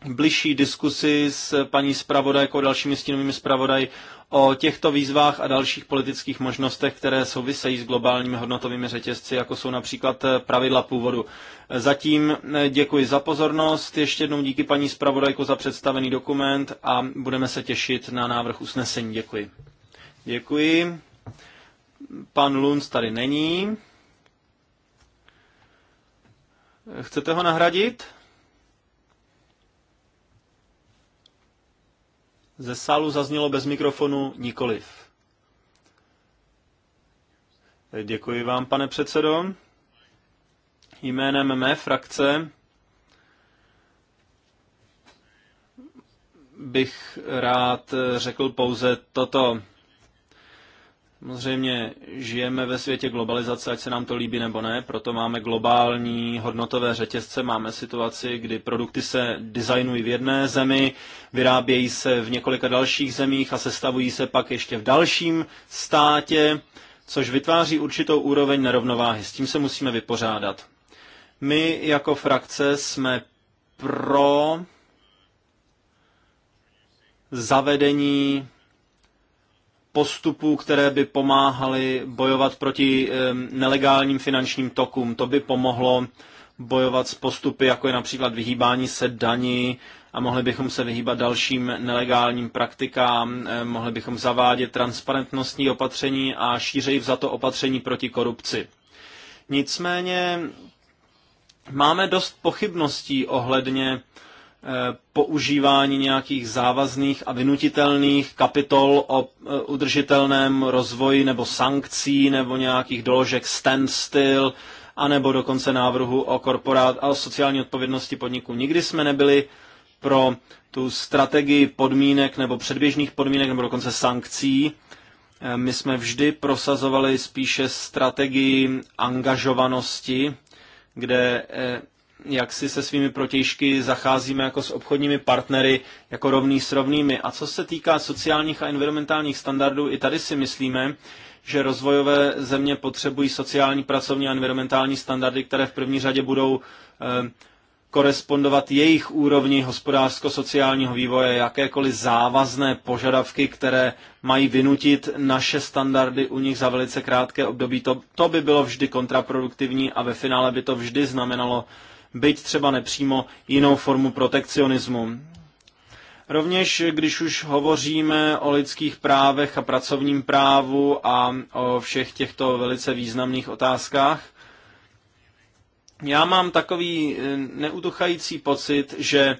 bližší diskusi s paní zpravodajkou, dalšími stínovými zpravodaj o těchto výzvách a dalších politických možnostech, které souvisejí s globálními hodnotovými řetězci, jako jsou například eh, pravidla původu. Zatím eh, děkuji za pozornost, ještě jednou díky paní zpravodajko za představený dokument a budeme se těšit na návrh usnesení. Děkuji. Děkuji. Pan Lunc tady není. Chcete ho nahradit? Ze sálu zaznělo bez mikrofonu nikoliv. Děkuji vám, pane předsedo. Jménem mé frakce bych rád řekl pouze toto. Samozřejmě žijeme ve světě globalizace, ať se nám to líbí nebo ne, proto máme globální hodnotové řetězce, máme situaci, kdy produkty se designují v jedné zemi, vyrábějí se v několika dalších zemích a sestavují se pak ještě v dalším státě, což vytváří určitou úroveň nerovnováhy. S tím se musíme vypořádat. My jako frakce jsme pro zavedení postupů, které by pomáhaly bojovat proti eh, nelegálním finančním tokům. To by pomohlo bojovat s postupy, jako je například vyhýbání se daní a mohli bychom se vyhýbat dalším nelegálním praktikám, eh, mohli bychom zavádět transparentnostní opatření a za vzato opatření proti korupci. Nicméně máme dost pochybností ohledně Eh, používání nějakých závazných a vynutitelných kapitol o eh, udržitelném rozvoji nebo sankcí nebo nějakých doložek standstill a nebo dokonce návrhu o korporát a o sociální odpovědnosti podniků. Nikdy jsme nebyli pro tu strategii podmínek nebo předběžných podmínek nebo dokonce sankcí. Eh, my jsme vždy prosazovali spíše strategii angažovanosti, kde jak si se svými protějšky zacházíme jako s obchodními partnery, jako rovný s rovnými. A co se týká sociálních a environmentálních standardů, i tady si myslíme, že rozvojové země potřebují sociální, pracovní a environmentální standardy, které v první řadě budou eh, korespondovat jejich úrovni hospodářsko-sociálního vývoje, jakékoliv závazné požadavky, které mají vynutit naše standardy u nich za velice krátké období. To, to by bylo vždy kontraproduktivní a ve finále by to vždy znamenalo byť třeba nepřímo jinou formu protekcionismu. Rovněž, když už hovoříme o lidských právech a pracovním právu a o všech těchto velice významných otázkách, já mám takový eh, neutuchající pocit, že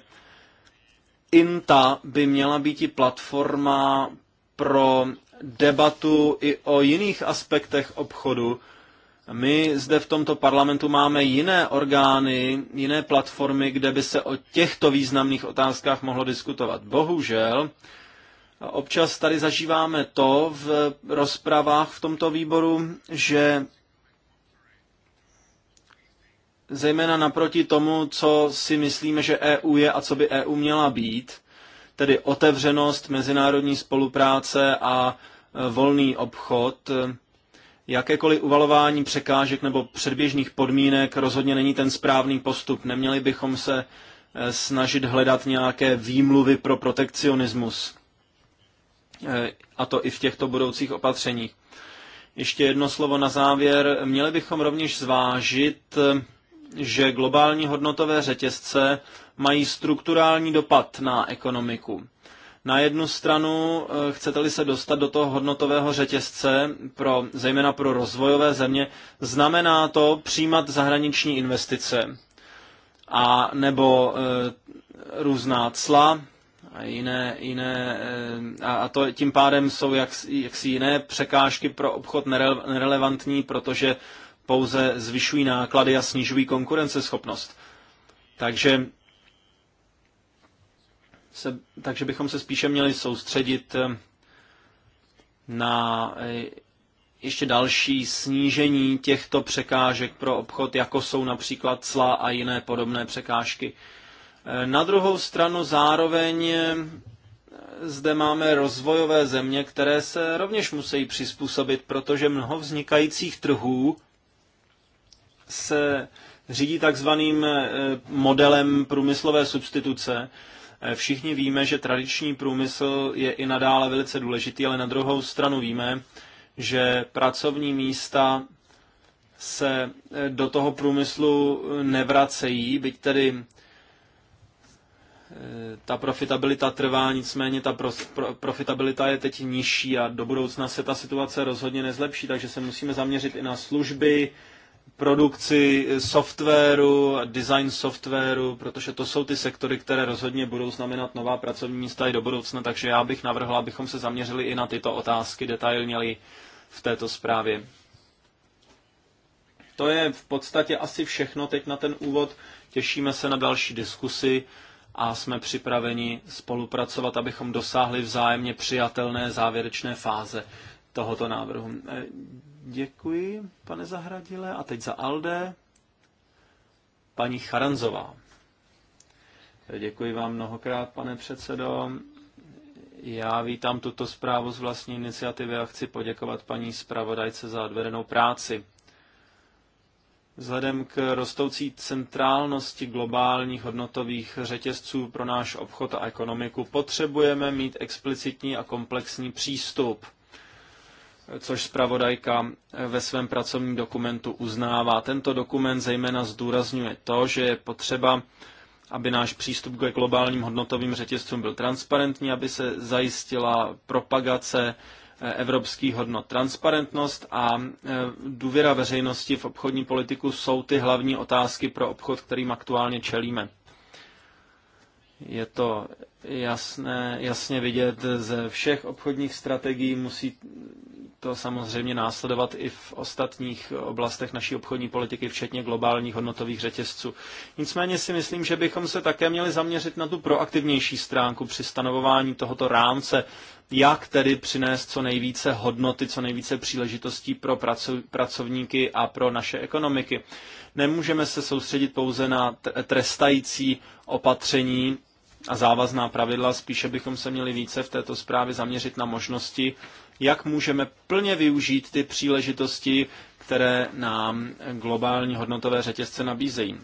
INTA by měla být i platforma pro debatu i o jiných aspektech obchodu, my zde v tomto parlamentu máme jiné orgány, jiné platformy, kde by se o těchto významných otázkách mohlo diskutovat. Bohužel, občas tady zažíváme to v rozpravách v tomto výboru, že zejména naproti tomu, co si myslíme, že EU je a co by EU měla být, tedy otevřenost, mezinárodní spolupráce a volný obchod, Jakékoliv uvalování překážek nebo předběžných podmínek rozhodně není ten správný postup. Neměli bychom se eh, snažit hledat nějaké výmluvy pro protekcionismus. Eh, a to i v těchto budoucích opatřeních. Ještě jedno slovo na závěr. Měli bychom rovněž zvážit, eh, že globální hodnotové řetězce mají strukturální dopad na ekonomiku. Na jednu stranu, eh, chcete-li se dostat do toho hodnotového řetězce, pro, zejména pro rozvojové země, znamená to přijímat zahraniční investice a nebo e, různá cla a jiné, jiné e, a, a to tím pádem jsou jak, jaksi jiné překážky pro obchod nere, nerelevantní, protože pouze zvyšují náklady a snižují konkurenceschopnost. Takže se, takže bychom se spíše měli soustředit eh, na eh, ještě další snížení těchto překážek pro obchod, jako jsou například cla a jiné podobné překážky. Eh, na druhou stranu zároveň zde máme rozvojové země, které se rovněž musí přizpůsobit, protože mnoho vznikajících trhů se řídí takzvaným modelem průmyslové substituce, Eh, všichni víme, že tradiční průmysl je i nadále velice důležitý, ale na druhou stranu víme, že pracovní místa se eh, do toho průmyslu eh, nevracejí, byť tedy ta profitabilita trvá, nicméně ta pro, pro, profitabilita je teď nižší a do budoucna se ta situace rozhodně nezlepší, takže se musíme zaměřit i na služby, produkci eh, softwaru, design softwaru, protože to jsou ty sektory, které rozhodně budou znamenat nová pracovní místa i do budoucna, takže já bych navrhla, abychom se zaměřili i na tyto otázky detailněji v této zprávě. To je v podstatě asi všechno teď na ten úvod. Těšíme se na další diskusy a jsme připraveni spolupracovat, abychom dosáhli vzájemně přijatelné závěrečné fáze tohoto návrhu. Eh, Děkuji, pane Zahradile. A teď za Alde, paní Charanzová. Děkuji vám mnohokrát, pane předsedo. Já vítám tuto zprávu z vlastní iniciativy a chci poděkovat paní zpravodajce za odvedenou práci. Vzhledem k rostoucí centrálnosti globálních hodnotových řetězců pro náš obchod a ekonomiku potřebujeme mít explicitní a komplexní přístup – což zpravodajka ve svém pracovním dokumentu uznává. Tento dokument zejména zdůrazňuje to, že je potřeba, aby náš přístup k globálním hodnotovým řetězcům byl transparentní, aby se zajistila propagace eh, evropských hodnot. Transparentnost a eh, důvěra veřejnosti v obchodní politiku jsou ty hlavní otázky pro obchod, kterým aktuálně čelíme. Je to jasné, jasně vidět ze všech obchodních strategií, musí to samozřejmě následovat i v ostatních oblastech naší obchodní politiky, včetně globálních hodnotových řetězců. Nicméně si myslím, že bychom se také měli zaměřit na tu proaktivnější stránku při stanovování tohoto rámce, jak tedy přinést co nejvíce hodnoty, co nejvíce příležitostí pro pracovníky a pro naše ekonomiky. Nemůžeme se soustředit pouze na trestající opatření, a závazná pravidla, spíše bychom se měli více v této zprávě zaměřit na možnosti, jak můžeme plně využít ty příležitosti, které nám globální hodnotové řetězce nabízejí.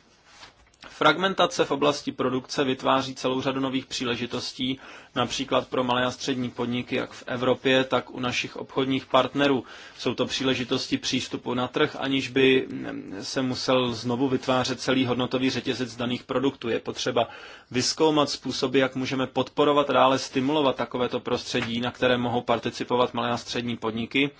Fragmentace v oblasti produkce vytváří celou řadu nových příležitostí, například pro malé a střední podniky jak v Evropě, tak u našich obchodních partnerů. Jsou to příležitosti přístupu na trh, aniž by mm, se musel znovu vytvářet celý hodnotový řetězec daných produktů. Je potřeba vyskoumat způsoby, jak můžeme podporovat a dále stimulovat takovéto prostředí, na které mohou participovat malé a střední podniky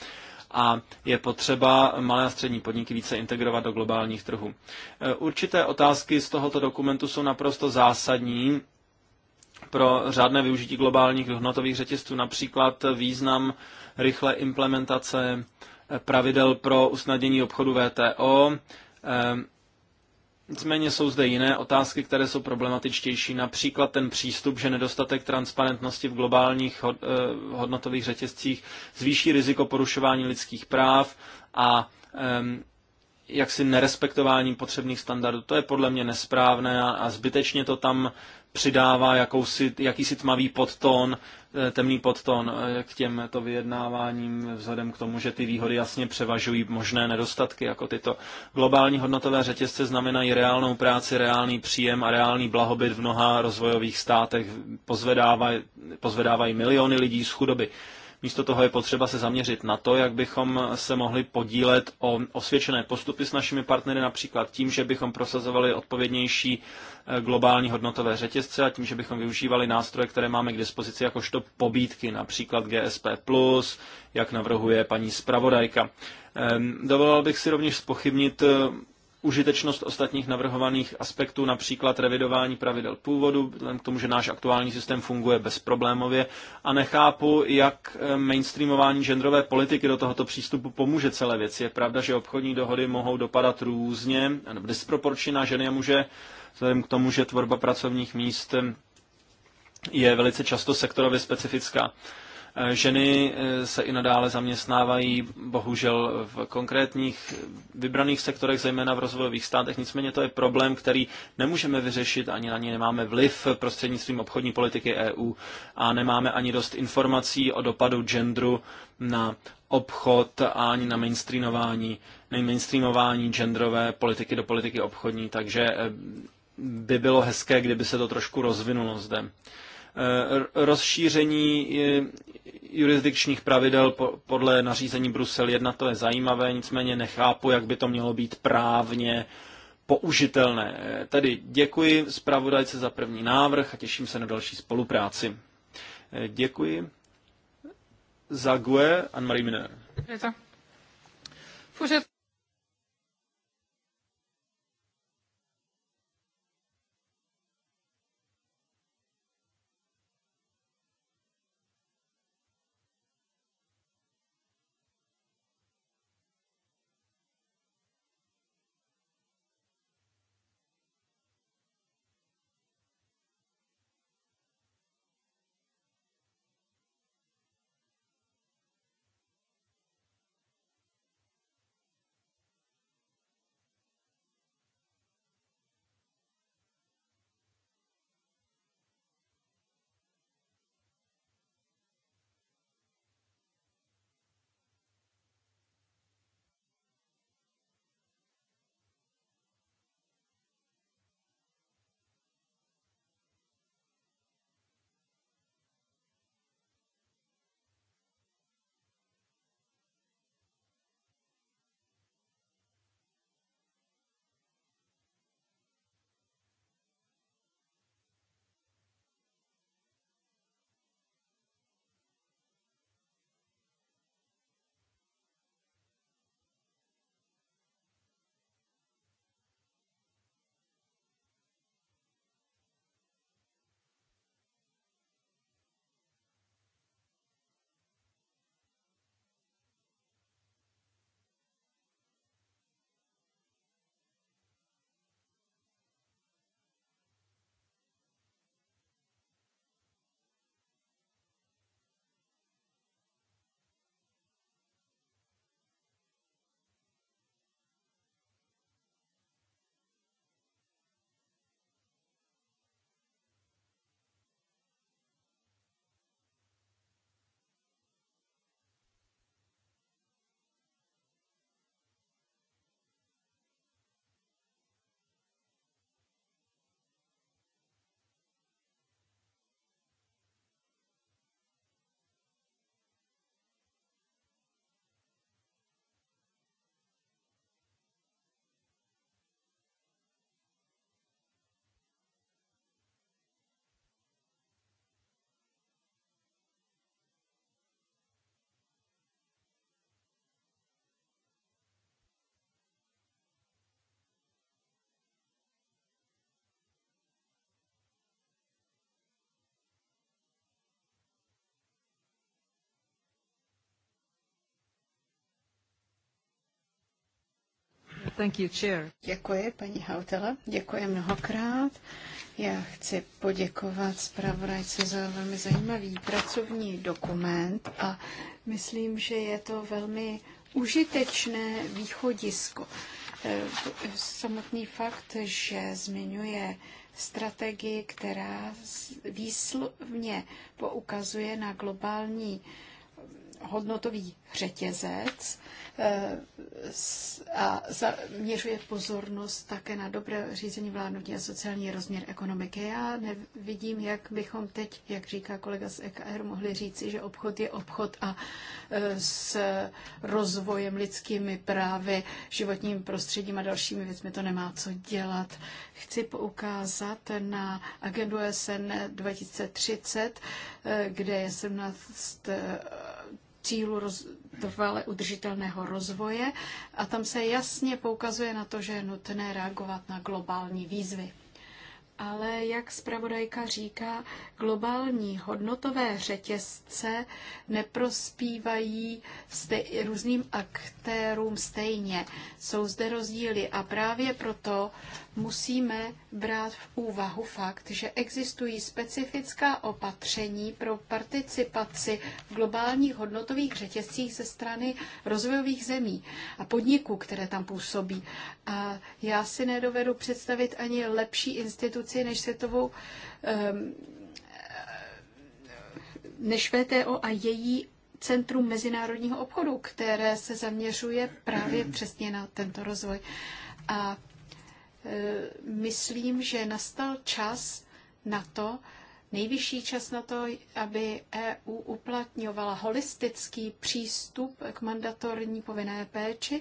a je potřeba malé a střední podniky více integrovat do globálních trhů. E, určité otázky z tohoto dokumentu jsou naprosto zásadní pro řádné využití globálních hodnotových řetězců, například význam rychlé implementace e, pravidel pro usnadnění obchodu VTO, e, Nicméně jsou zde jiné otázky, které jsou problematičtější, například ten přístup, že nedostatek transparentnosti v globálních eh, hodnotových řetězcích zvýší riziko porušování lidských práv a ehm, jaksi nerespektování potřebných standardů. To je podle mě nesprávné a zbytečně to tam přidává jakousi, jakýsi tmavý podtón, eh, temný podtón eh, k těmto vyjednáváním, vzhledem k tomu, že ty výhody jasně převažují možné nedostatky, jako tyto. Globální hodnotové řetězce znamenají reálnou práci, reálný příjem a reálný blahobyt v mnoha rozvojových státech. Pozvedávají, pozvedávají miliony lidí z chudoby. Místo toho je potřeba se zaměřit na to, jak bychom se mohli podílet o osvědčené postupy s našimi partnery, například tím, že bychom prosazovali odpovědnější Eh, globální hodnotové řetězce a tím, že bychom využívali nástroje, které máme k dispozici, jakožto pobídky, například GSP+, jak navrhuje paní zpravodajka. Dovolil bych si rovněž spochybnit eh, užitečnost ostatních navrhovaných aspektů, například revidování pravidel původu, k tomu, že náš aktuální systém funguje bezproblémově a nechápu, jak eh, mainstreamování genderové politiky do tohoto přístupu pomůže celé věci. Je pravda, že obchodní dohody mohou dopadat různě, disproporčně na ženy a muže, vzhledem k tomu, že tvorba pracovních míst je velice často sektorově specifická. Ženy eh, se i nadále zaměstnávají bohužel v konkrétních vybraných sektorech, zejména v rozvojových státech. Nicméně to je problém, který nemůžeme vyřešit, ani na ně nemáme vliv prostřednictvím obchodní politiky EU a nemáme ani dost informací o dopadu genderu na obchod a ani na mainstreamování, mainstreamování genderové politiky do politiky obchodní. Takže eh, by bylo hezké, kdyby se to trošku rozvinulo zde. Eh, rozšíření eh, jurisdikčních pravidel podle nařízení Brusel 1 to je zajímavé, nicméně nechápu, jak by to mělo být právně použitelné. Eh, tedy děkuji zpravodajce za první návrh a těším se na další spolupráci. Děkuji. Zagué, Anne-Marie Miner. Děkuji, paní Hautela. Děkuji mnohokrát. Já chci poděkovat zpravodajce za velmi zajímavý pracovní dokument a myslím, že je to velmi užitečné východisko. E, samotný fakt, že zmiňuje strategii, která výslovně poukazuje na globální hodnotový řetězec eh, a zaměřuje pozornost také na dobré řízení vládnutí a sociální rozměr ekonomiky. Já nevidím, jak bychom teď, jak říká kolega z EKR, mohli říci, že obchod je obchod a eh, s rozvojem lidskými právy, životním prostředím a dalšími věcmi to nemá co dělat. Chci poukázat na agendu SN 2030, eh, kde je 17 cílu roz, trvale udržitelného rozvoje a tam se jasně poukazuje na to, že je nutné reagovat na globální výzvy. Ale jak zpravodajka říká, globální hodnotové řetězce neprospívají stej, různým aktérům stejně. Jsou zde rozdíly a právě proto musíme brát v úvahu fakt, že existují specifická opatření pro participaci v globálních hodnotových řetězcích ze strany rozvojových zemí a podniků, které tam působí. A já si nedovedu představit ani lepší instituci než světovou ehm, než VTO a její Centrum mezinárodního obchodu, které se zaměřuje právě přesně na tento rozvoj. A Eh, myslím, že nastal čas na to, nejvyšší čas na to, aby EU uplatňovala holistický přístup k mandatorní povinné péči,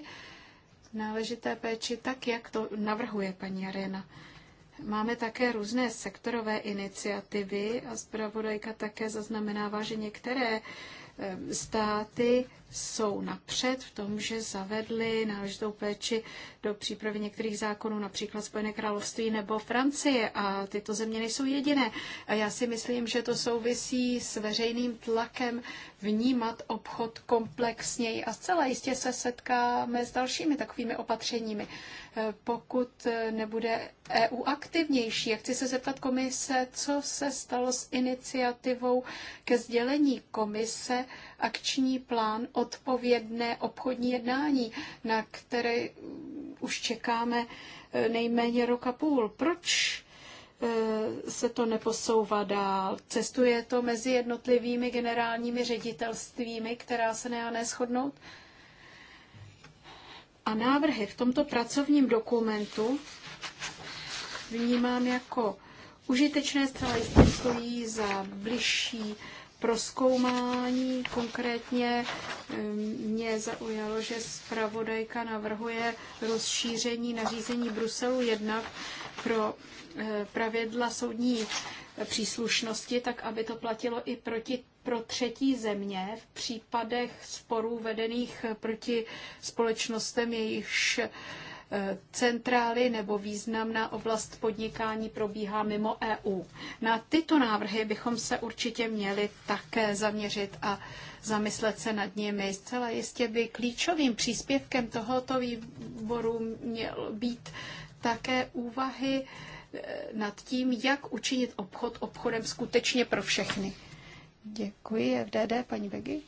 náležité péči, tak jak to navrhuje paní Arena. Máme také různé sektorové iniciativy a zpravodajka také zaznamenává, že některé eh, státy jsou napřed v tom, že zavedli náležitou péči do přípravy některých zákonů, například Spojené království nebo Francie. A tyto země nejsou jediné. A já si myslím, že to souvisí s veřejným tlakem vnímat obchod komplexněji. A zcela jistě se setkáme s dalšími takovými opatřeními. E, pokud nebude EU aktivnější, jak chci se zeptat komise, co se stalo s iniciativou ke sdělení komise akční plán odpovědné obchodní jednání, na které už čekáme eh, nejméně rok a půl. Proč eh, se to neposouvá dál. Cestuje to mezi jednotlivými generálními ředitelstvími, která se nejá neschodnout. A návrhy v tomto pracovním dokumentu vnímám jako užitečné, stále jistě stojí za bližší proskoumání. Konkrétně mě zaujalo, že zpravodajka navrhuje rozšíření nařízení Bruselu 1 pro eh, pravidla soudní příslušnosti, tak aby to platilo i proti, pro třetí země v případech sporů vedených proti společnostem, jejichž centrály nebo významná oblast podnikání probíhá mimo EU. Na tyto návrhy bychom se určitě měli také zaměřit a zamyslet se nad nimi. Zcela jistě by klíčovým příspěvkem tohoto výboru měl být také úvahy eh, nad tím, jak učinit obchod obchodem skutečně pro všechny. Děkuji, FDD, paní Vegy.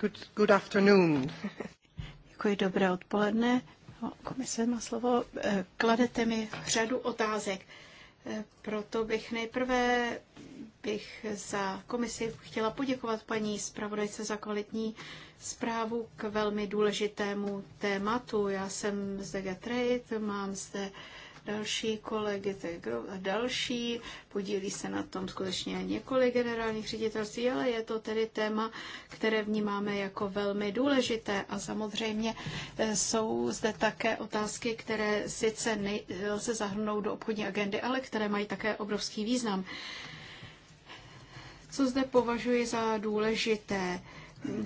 Good, good afternoon. Děkuji, dobré odpoledne. Komise má slovo. Eh, kladete mi řadu otázek. Eh, proto bych nejprve bych za komisi chtěla poděkovat paní zpravodajce za kvalitní zprávu k velmi důležitému tématu. Já jsem zde DG mám zde další kolegy a další. Podílí se na tom skutečně několik generálních ředitelství, ale je to tedy téma, které vnímáme jako velmi důležité. A samozřejmě eh, jsou zde také otázky, které sice se zahrnout do obchodní agendy, ale které mají také obrovský význam. Co zde považuji za důležité?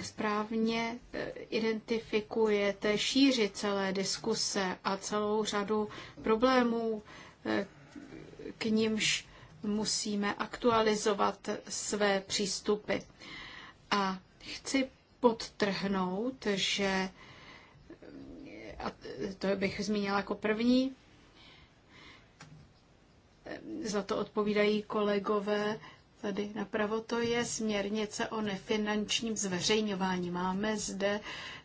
správně eh, identifikujete šíři celé diskuse a celou řadu problémů, eh, k nímž musíme aktualizovat své přístupy. A chci podtrhnout, že, a to bych zmínila jako první, eh, za to odpovídají kolegové, tady napravo, to je směrnice o nefinančním zveřejňování. Máme zde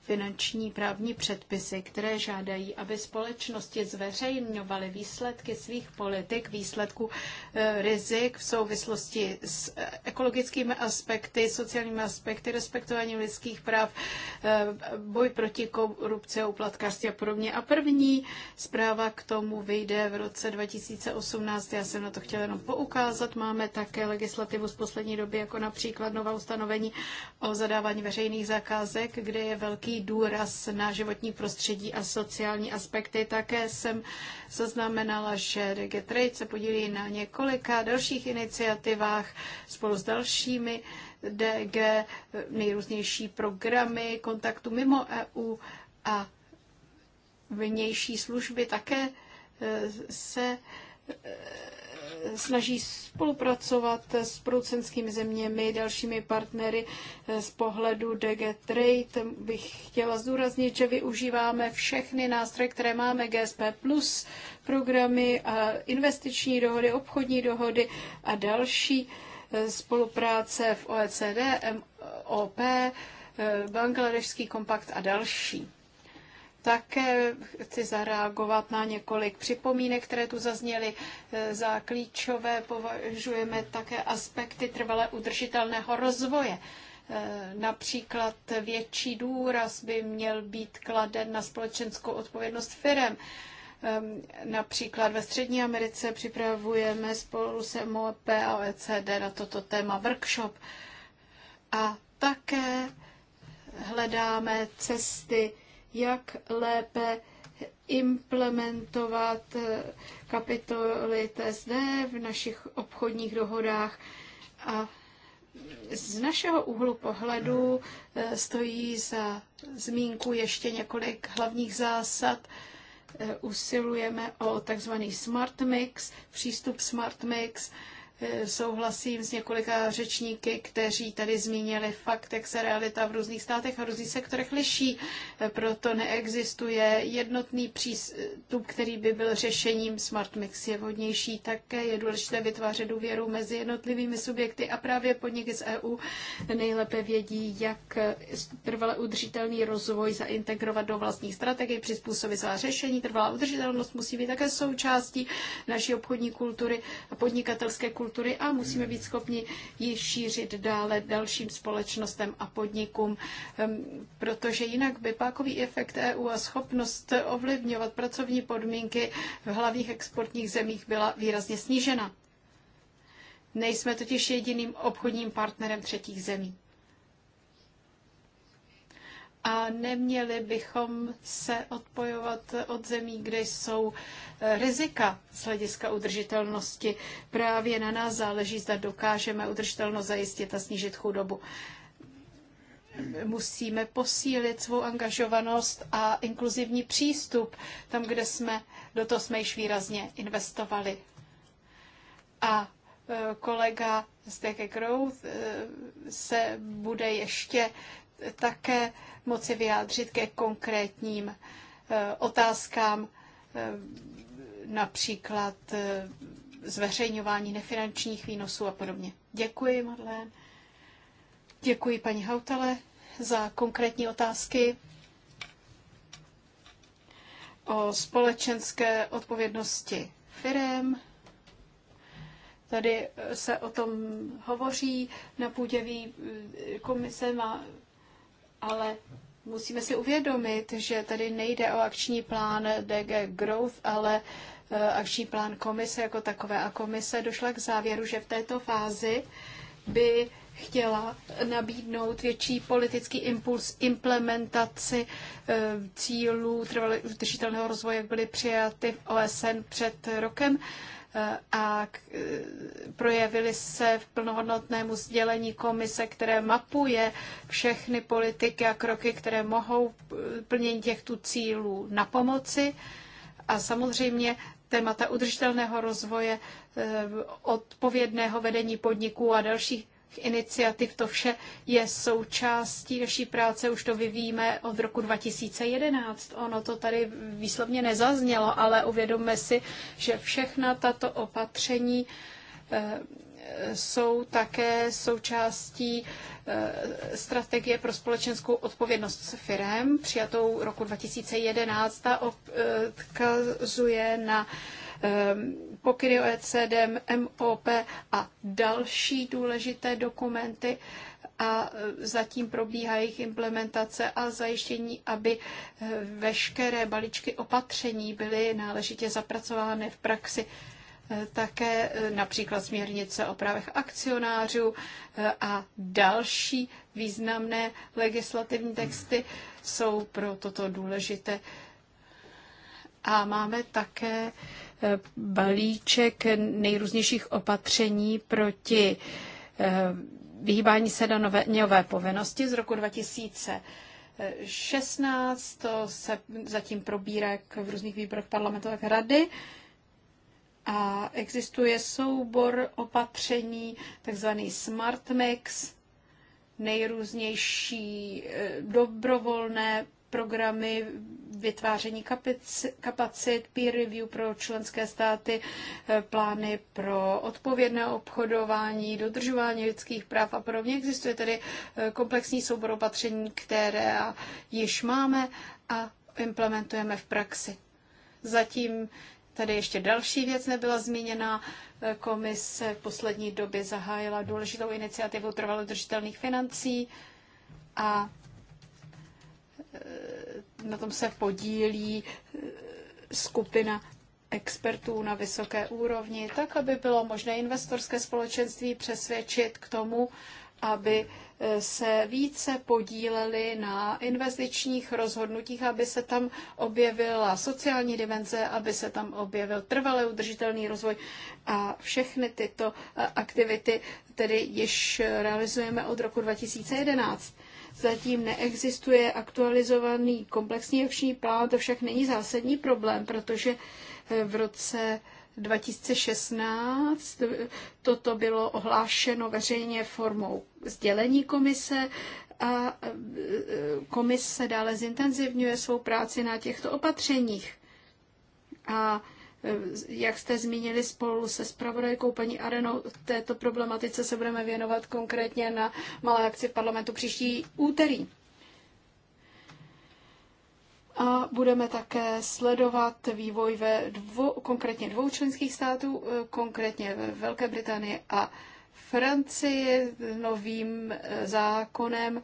finanční právní předpisy, které žádají, aby společnosti zveřejňovaly výsledky svých politik, výsledků eh, rizik v souvislosti s eh, ekologickými aspekty, sociálními aspekty, respektování lidských práv, eh, boj proti korupci, uplatkářství a podobně. A první zpráva k tomu vyjde v roce 2018. Já jsem na to chtěla jenom poukázat. Máme také legislativu z poslední doby, jako například nová ustanovení o zadávání veřejných zakázek, kde je velký důraz na životní prostředí a sociální aspekty. Také jsem zaznamenala, že DG Trade se podílí na několika dalších iniciativách spolu s dalšími DG, nejrůznější programy kontaktu mimo EU a vnější služby také e, se e, snaží spolupracovat s producentskými zeměmi, dalšími partnery eh, z pohledu DG Trade. Bych chtěla zdůraznit, že využíváme všechny nástroje, které máme, GSP+, programy, investiční dohody, obchodní dohody a další eh, spolupráce v OECD, MOP, eh, Bangladešský kompakt a další. Také chci zareagovat na několik připomínek, které tu zazněly. E, za klíčové považujeme také aspekty trvale udržitelného rozvoje. E, například větší důraz by měl být kladen na společenskou odpovědnost firem. E, například ve Střední Americe připravujeme spolu s MOP a OECD na toto téma workshop. A také hledáme cesty, jak lépe implementovat eh, kapitoly TSD v našich obchodních dohodách. A z našeho úhlu pohledu eh, stojí za zmínku ještě několik hlavních zásad. Eh, usilujeme o takzvaný smart mix, přístup smart mix, souhlasím s několika řečníky, kteří tady zmínili fakt, jak se realita v různých státech a různých sektorech liší. Proto neexistuje jednotný přístup, který by byl řešením. Smart Mix je vodnější. také. Je důležité vytvářet důvěru mezi jednotlivými subjekty a právě podniky z EU nejlépe vědí, jak trvale udržitelný rozvoj zaintegrovat do vlastních strategií, přizpůsobit svá řešení. Trvalá udržitelnost musí být také součástí naší obchodní kultury a podnikatelské kultury kultury a musíme být schopni ji šířit dále dalším společnostem a podnikům, ehm, protože jinak by pákový efekt EU a schopnost ovlivňovat pracovní podmínky v hlavních exportních zemích byla výrazně snížena. Nejsme totiž jediným obchodním partnerem třetích zemí a neměli bychom se odpojovat od zemí, kde jsou eh, rizika z hlediska udržitelnosti. Právě na nás záleží, zda dokážeme udržitelnost zajistit a snížit chudobu musíme posílit svou angažovanost a inkluzivní přístup tam, kde jsme, do toho jsme již výrazně investovali. A eh, kolega z Growth eh, se bude ještě také moci vyjádřit ke konkrétním e, otázkám, e, například e, zveřejňování nefinančních výnosů a podobně. Děkuji, Madlen. Děkuji, paní Hautale, za konkrétní otázky o společenské odpovědnosti firem. Tady se o tom hovoří na půdě komise má ale musíme si uvědomit, že tady nejde o akční plán DG Growth, ale eh, akční plán komise jako takové. A komise došla k závěru, že v této fázi by chtěla nabídnout větší politický impuls implementaci eh, cílů trvalého udržitelného rozvoje, jak byly přijaty v OSN před rokem a e, projevily se v plnohodnotnému sdělení komise, které mapuje všechny politiky a kroky, které mohou plnění těchto cílů na pomoci. A samozřejmě témata udržitelného rozvoje, e, odpovědného vedení podniků a dalších iniciativ. To vše je součástí naší práce, už to vyvíjíme od roku 2011. Ono to tady výslovně nezaznělo, ale uvědomme si, že všechna tato opatření eh, jsou také součástí eh, strategie pro společenskou odpovědnost firem, přijatou roku 2011. a odkazuje na Ehm, pokyny OECD, MOP a další důležité dokumenty a e, zatím probíhá jejich implementace a zajištění, aby e, veškeré balíčky opatření byly náležitě zapracovány v praxi e, také například směrnice o právech akcionářů a další významné legislativní texty jsou pro toto důležité. A máme také balíček nejrůznějších opatření proti eh, vyhýbání se daňové povinnosti z roku 2000. 16, to se zatím probírá v různých výborech parlamentové rady. A existuje soubor opatření, takzvaný smart mix, nejrůznější eh, dobrovolné programy vytváření kapacit, peer review pro členské státy, eh, plány pro odpovědné obchodování, dodržování lidských práv a podobně. Existuje tedy eh, komplexní soubor opatření, které již máme a implementujeme v praxi. Zatím Tady ještě další věc nebyla zmíněna. Eh, komise v poslední době zahájila důležitou iniciativu trvalo držitelných financí a Eh, na tom se podílí eh, skupina expertů na vysoké úrovni, tak aby bylo možné investorské společenství přesvědčit k tomu, aby eh, se více podíleli na investičních rozhodnutích, aby se tam objevila sociální dimenze, aby se tam objevil trvalý udržitelný rozvoj a všechny tyto aktivity tedy již realizujeme od roku 2011. Zatím neexistuje aktualizovaný komplexní akční plán, to však není zásadní problém, protože eh, v roce 2016 eh, toto bylo ohlášeno veřejně formou sdělení komise a eh, komise dále zintenzivňuje svou práci na těchto opatřeních. A Eh, jak jste zmínili spolu se spravodajkou paní Arenou, této problematice se budeme věnovat konkrétně na malé akci v parlamentu příští úterý. A budeme také sledovat vývoj ve dvou, konkrétně dvou členských států, eh, konkrétně ve Velké Británii a Francii novým eh, zákonem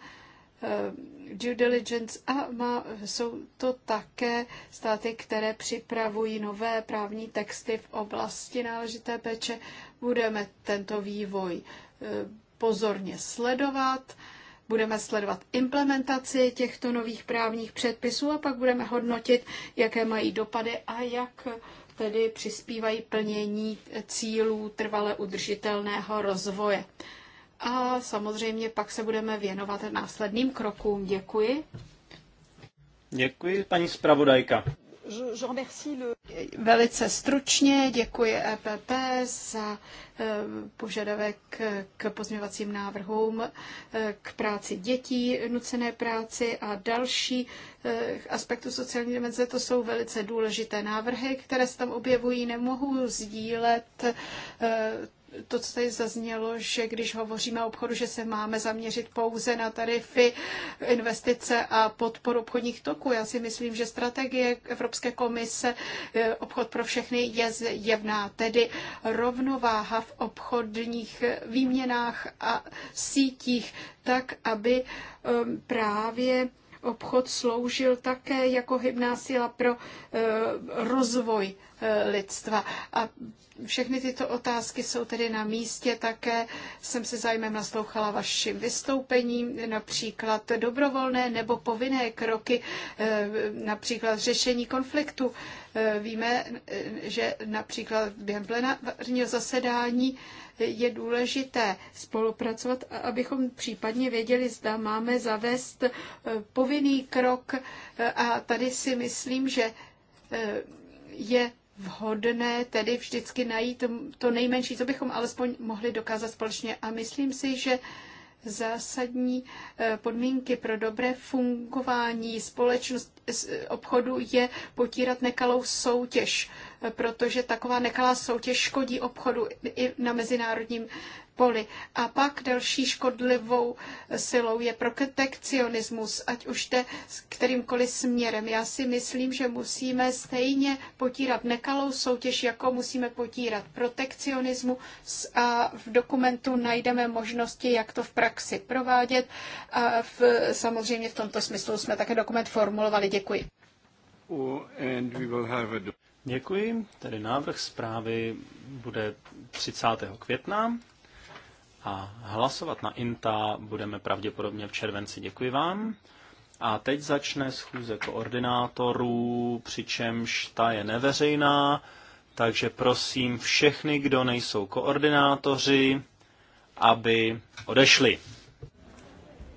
Eh, due diligence a má, jsou to také státy, které připravují nové právní texty v oblasti náležité péče. Budeme tento vývoj eh, pozorně sledovat. Budeme sledovat implementaci těchto nových právních předpisů a pak budeme hodnotit, jaké mají dopady a jak tedy přispívají plnění cílů trvale udržitelného rozvoje. A samozřejmě pak se budeme věnovat následným krokům. Děkuji. Děkuji, paní zpravodajka. Velice stručně děkuji EPP za e, požadavek k pozměvacím návrhům, e, k práci dětí, nucené práci a další e, aspektu sociální dimenze. To jsou velice důležité návrhy, které se tam objevují. Nemohu sdílet to, co tady zaznělo, že když hovoříme o obchodu, že se máme zaměřit pouze na tarify, investice a podporu obchodních toků. Já si myslím, že strategie Evropské komise e, obchod pro všechny je zjevná, tedy rovnováha v obchodních e, výměnách a sítích, tak, aby e, právě obchod sloužil také jako hybná síla pro eh, rozvoj eh, lidstva. A všechny tyto otázky jsou tedy na místě. Také jsem se zájmem naslouchala vašim vystoupením, například dobrovolné nebo povinné kroky, eh, například řešení konfliktu. Víme, že například během plenárního zasedání je důležité spolupracovat, abychom případně věděli, zda máme zavést e, povinný krok. E, a tady si myslím, že e, je vhodné tedy vždycky najít to nejmenší, co bychom alespoň mohli dokázat společně. A myslím si, že zásadní eh, podmínky pro dobré fungování společnost, obchodu je potírat nekalou soutěž, eh, protože taková nekalá soutěž škodí obchodu i na mezinárodním poli. A pak další škodlivou silou je protekcionismus, ať už jde s kterýmkoliv směrem. Já si myslím, že musíme stejně potírat nekalou soutěž, jako musíme potírat protekcionismu. a v dokumentu najdeme možnosti, jak to v praxi provádět. A v, samozřejmě v tomto smyslu jsme také dokument formulovali. Děkuji. Děkuji. Tedy návrh zprávy bude 30. května a hlasovat na INTA budeme pravděpodobně v červenci. Děkuji vám. A teď začne schůze koordinátorů, přičemž ta je neveřejná, takže prosím všechny, kdo nejsou koordinátoři, aby odešli.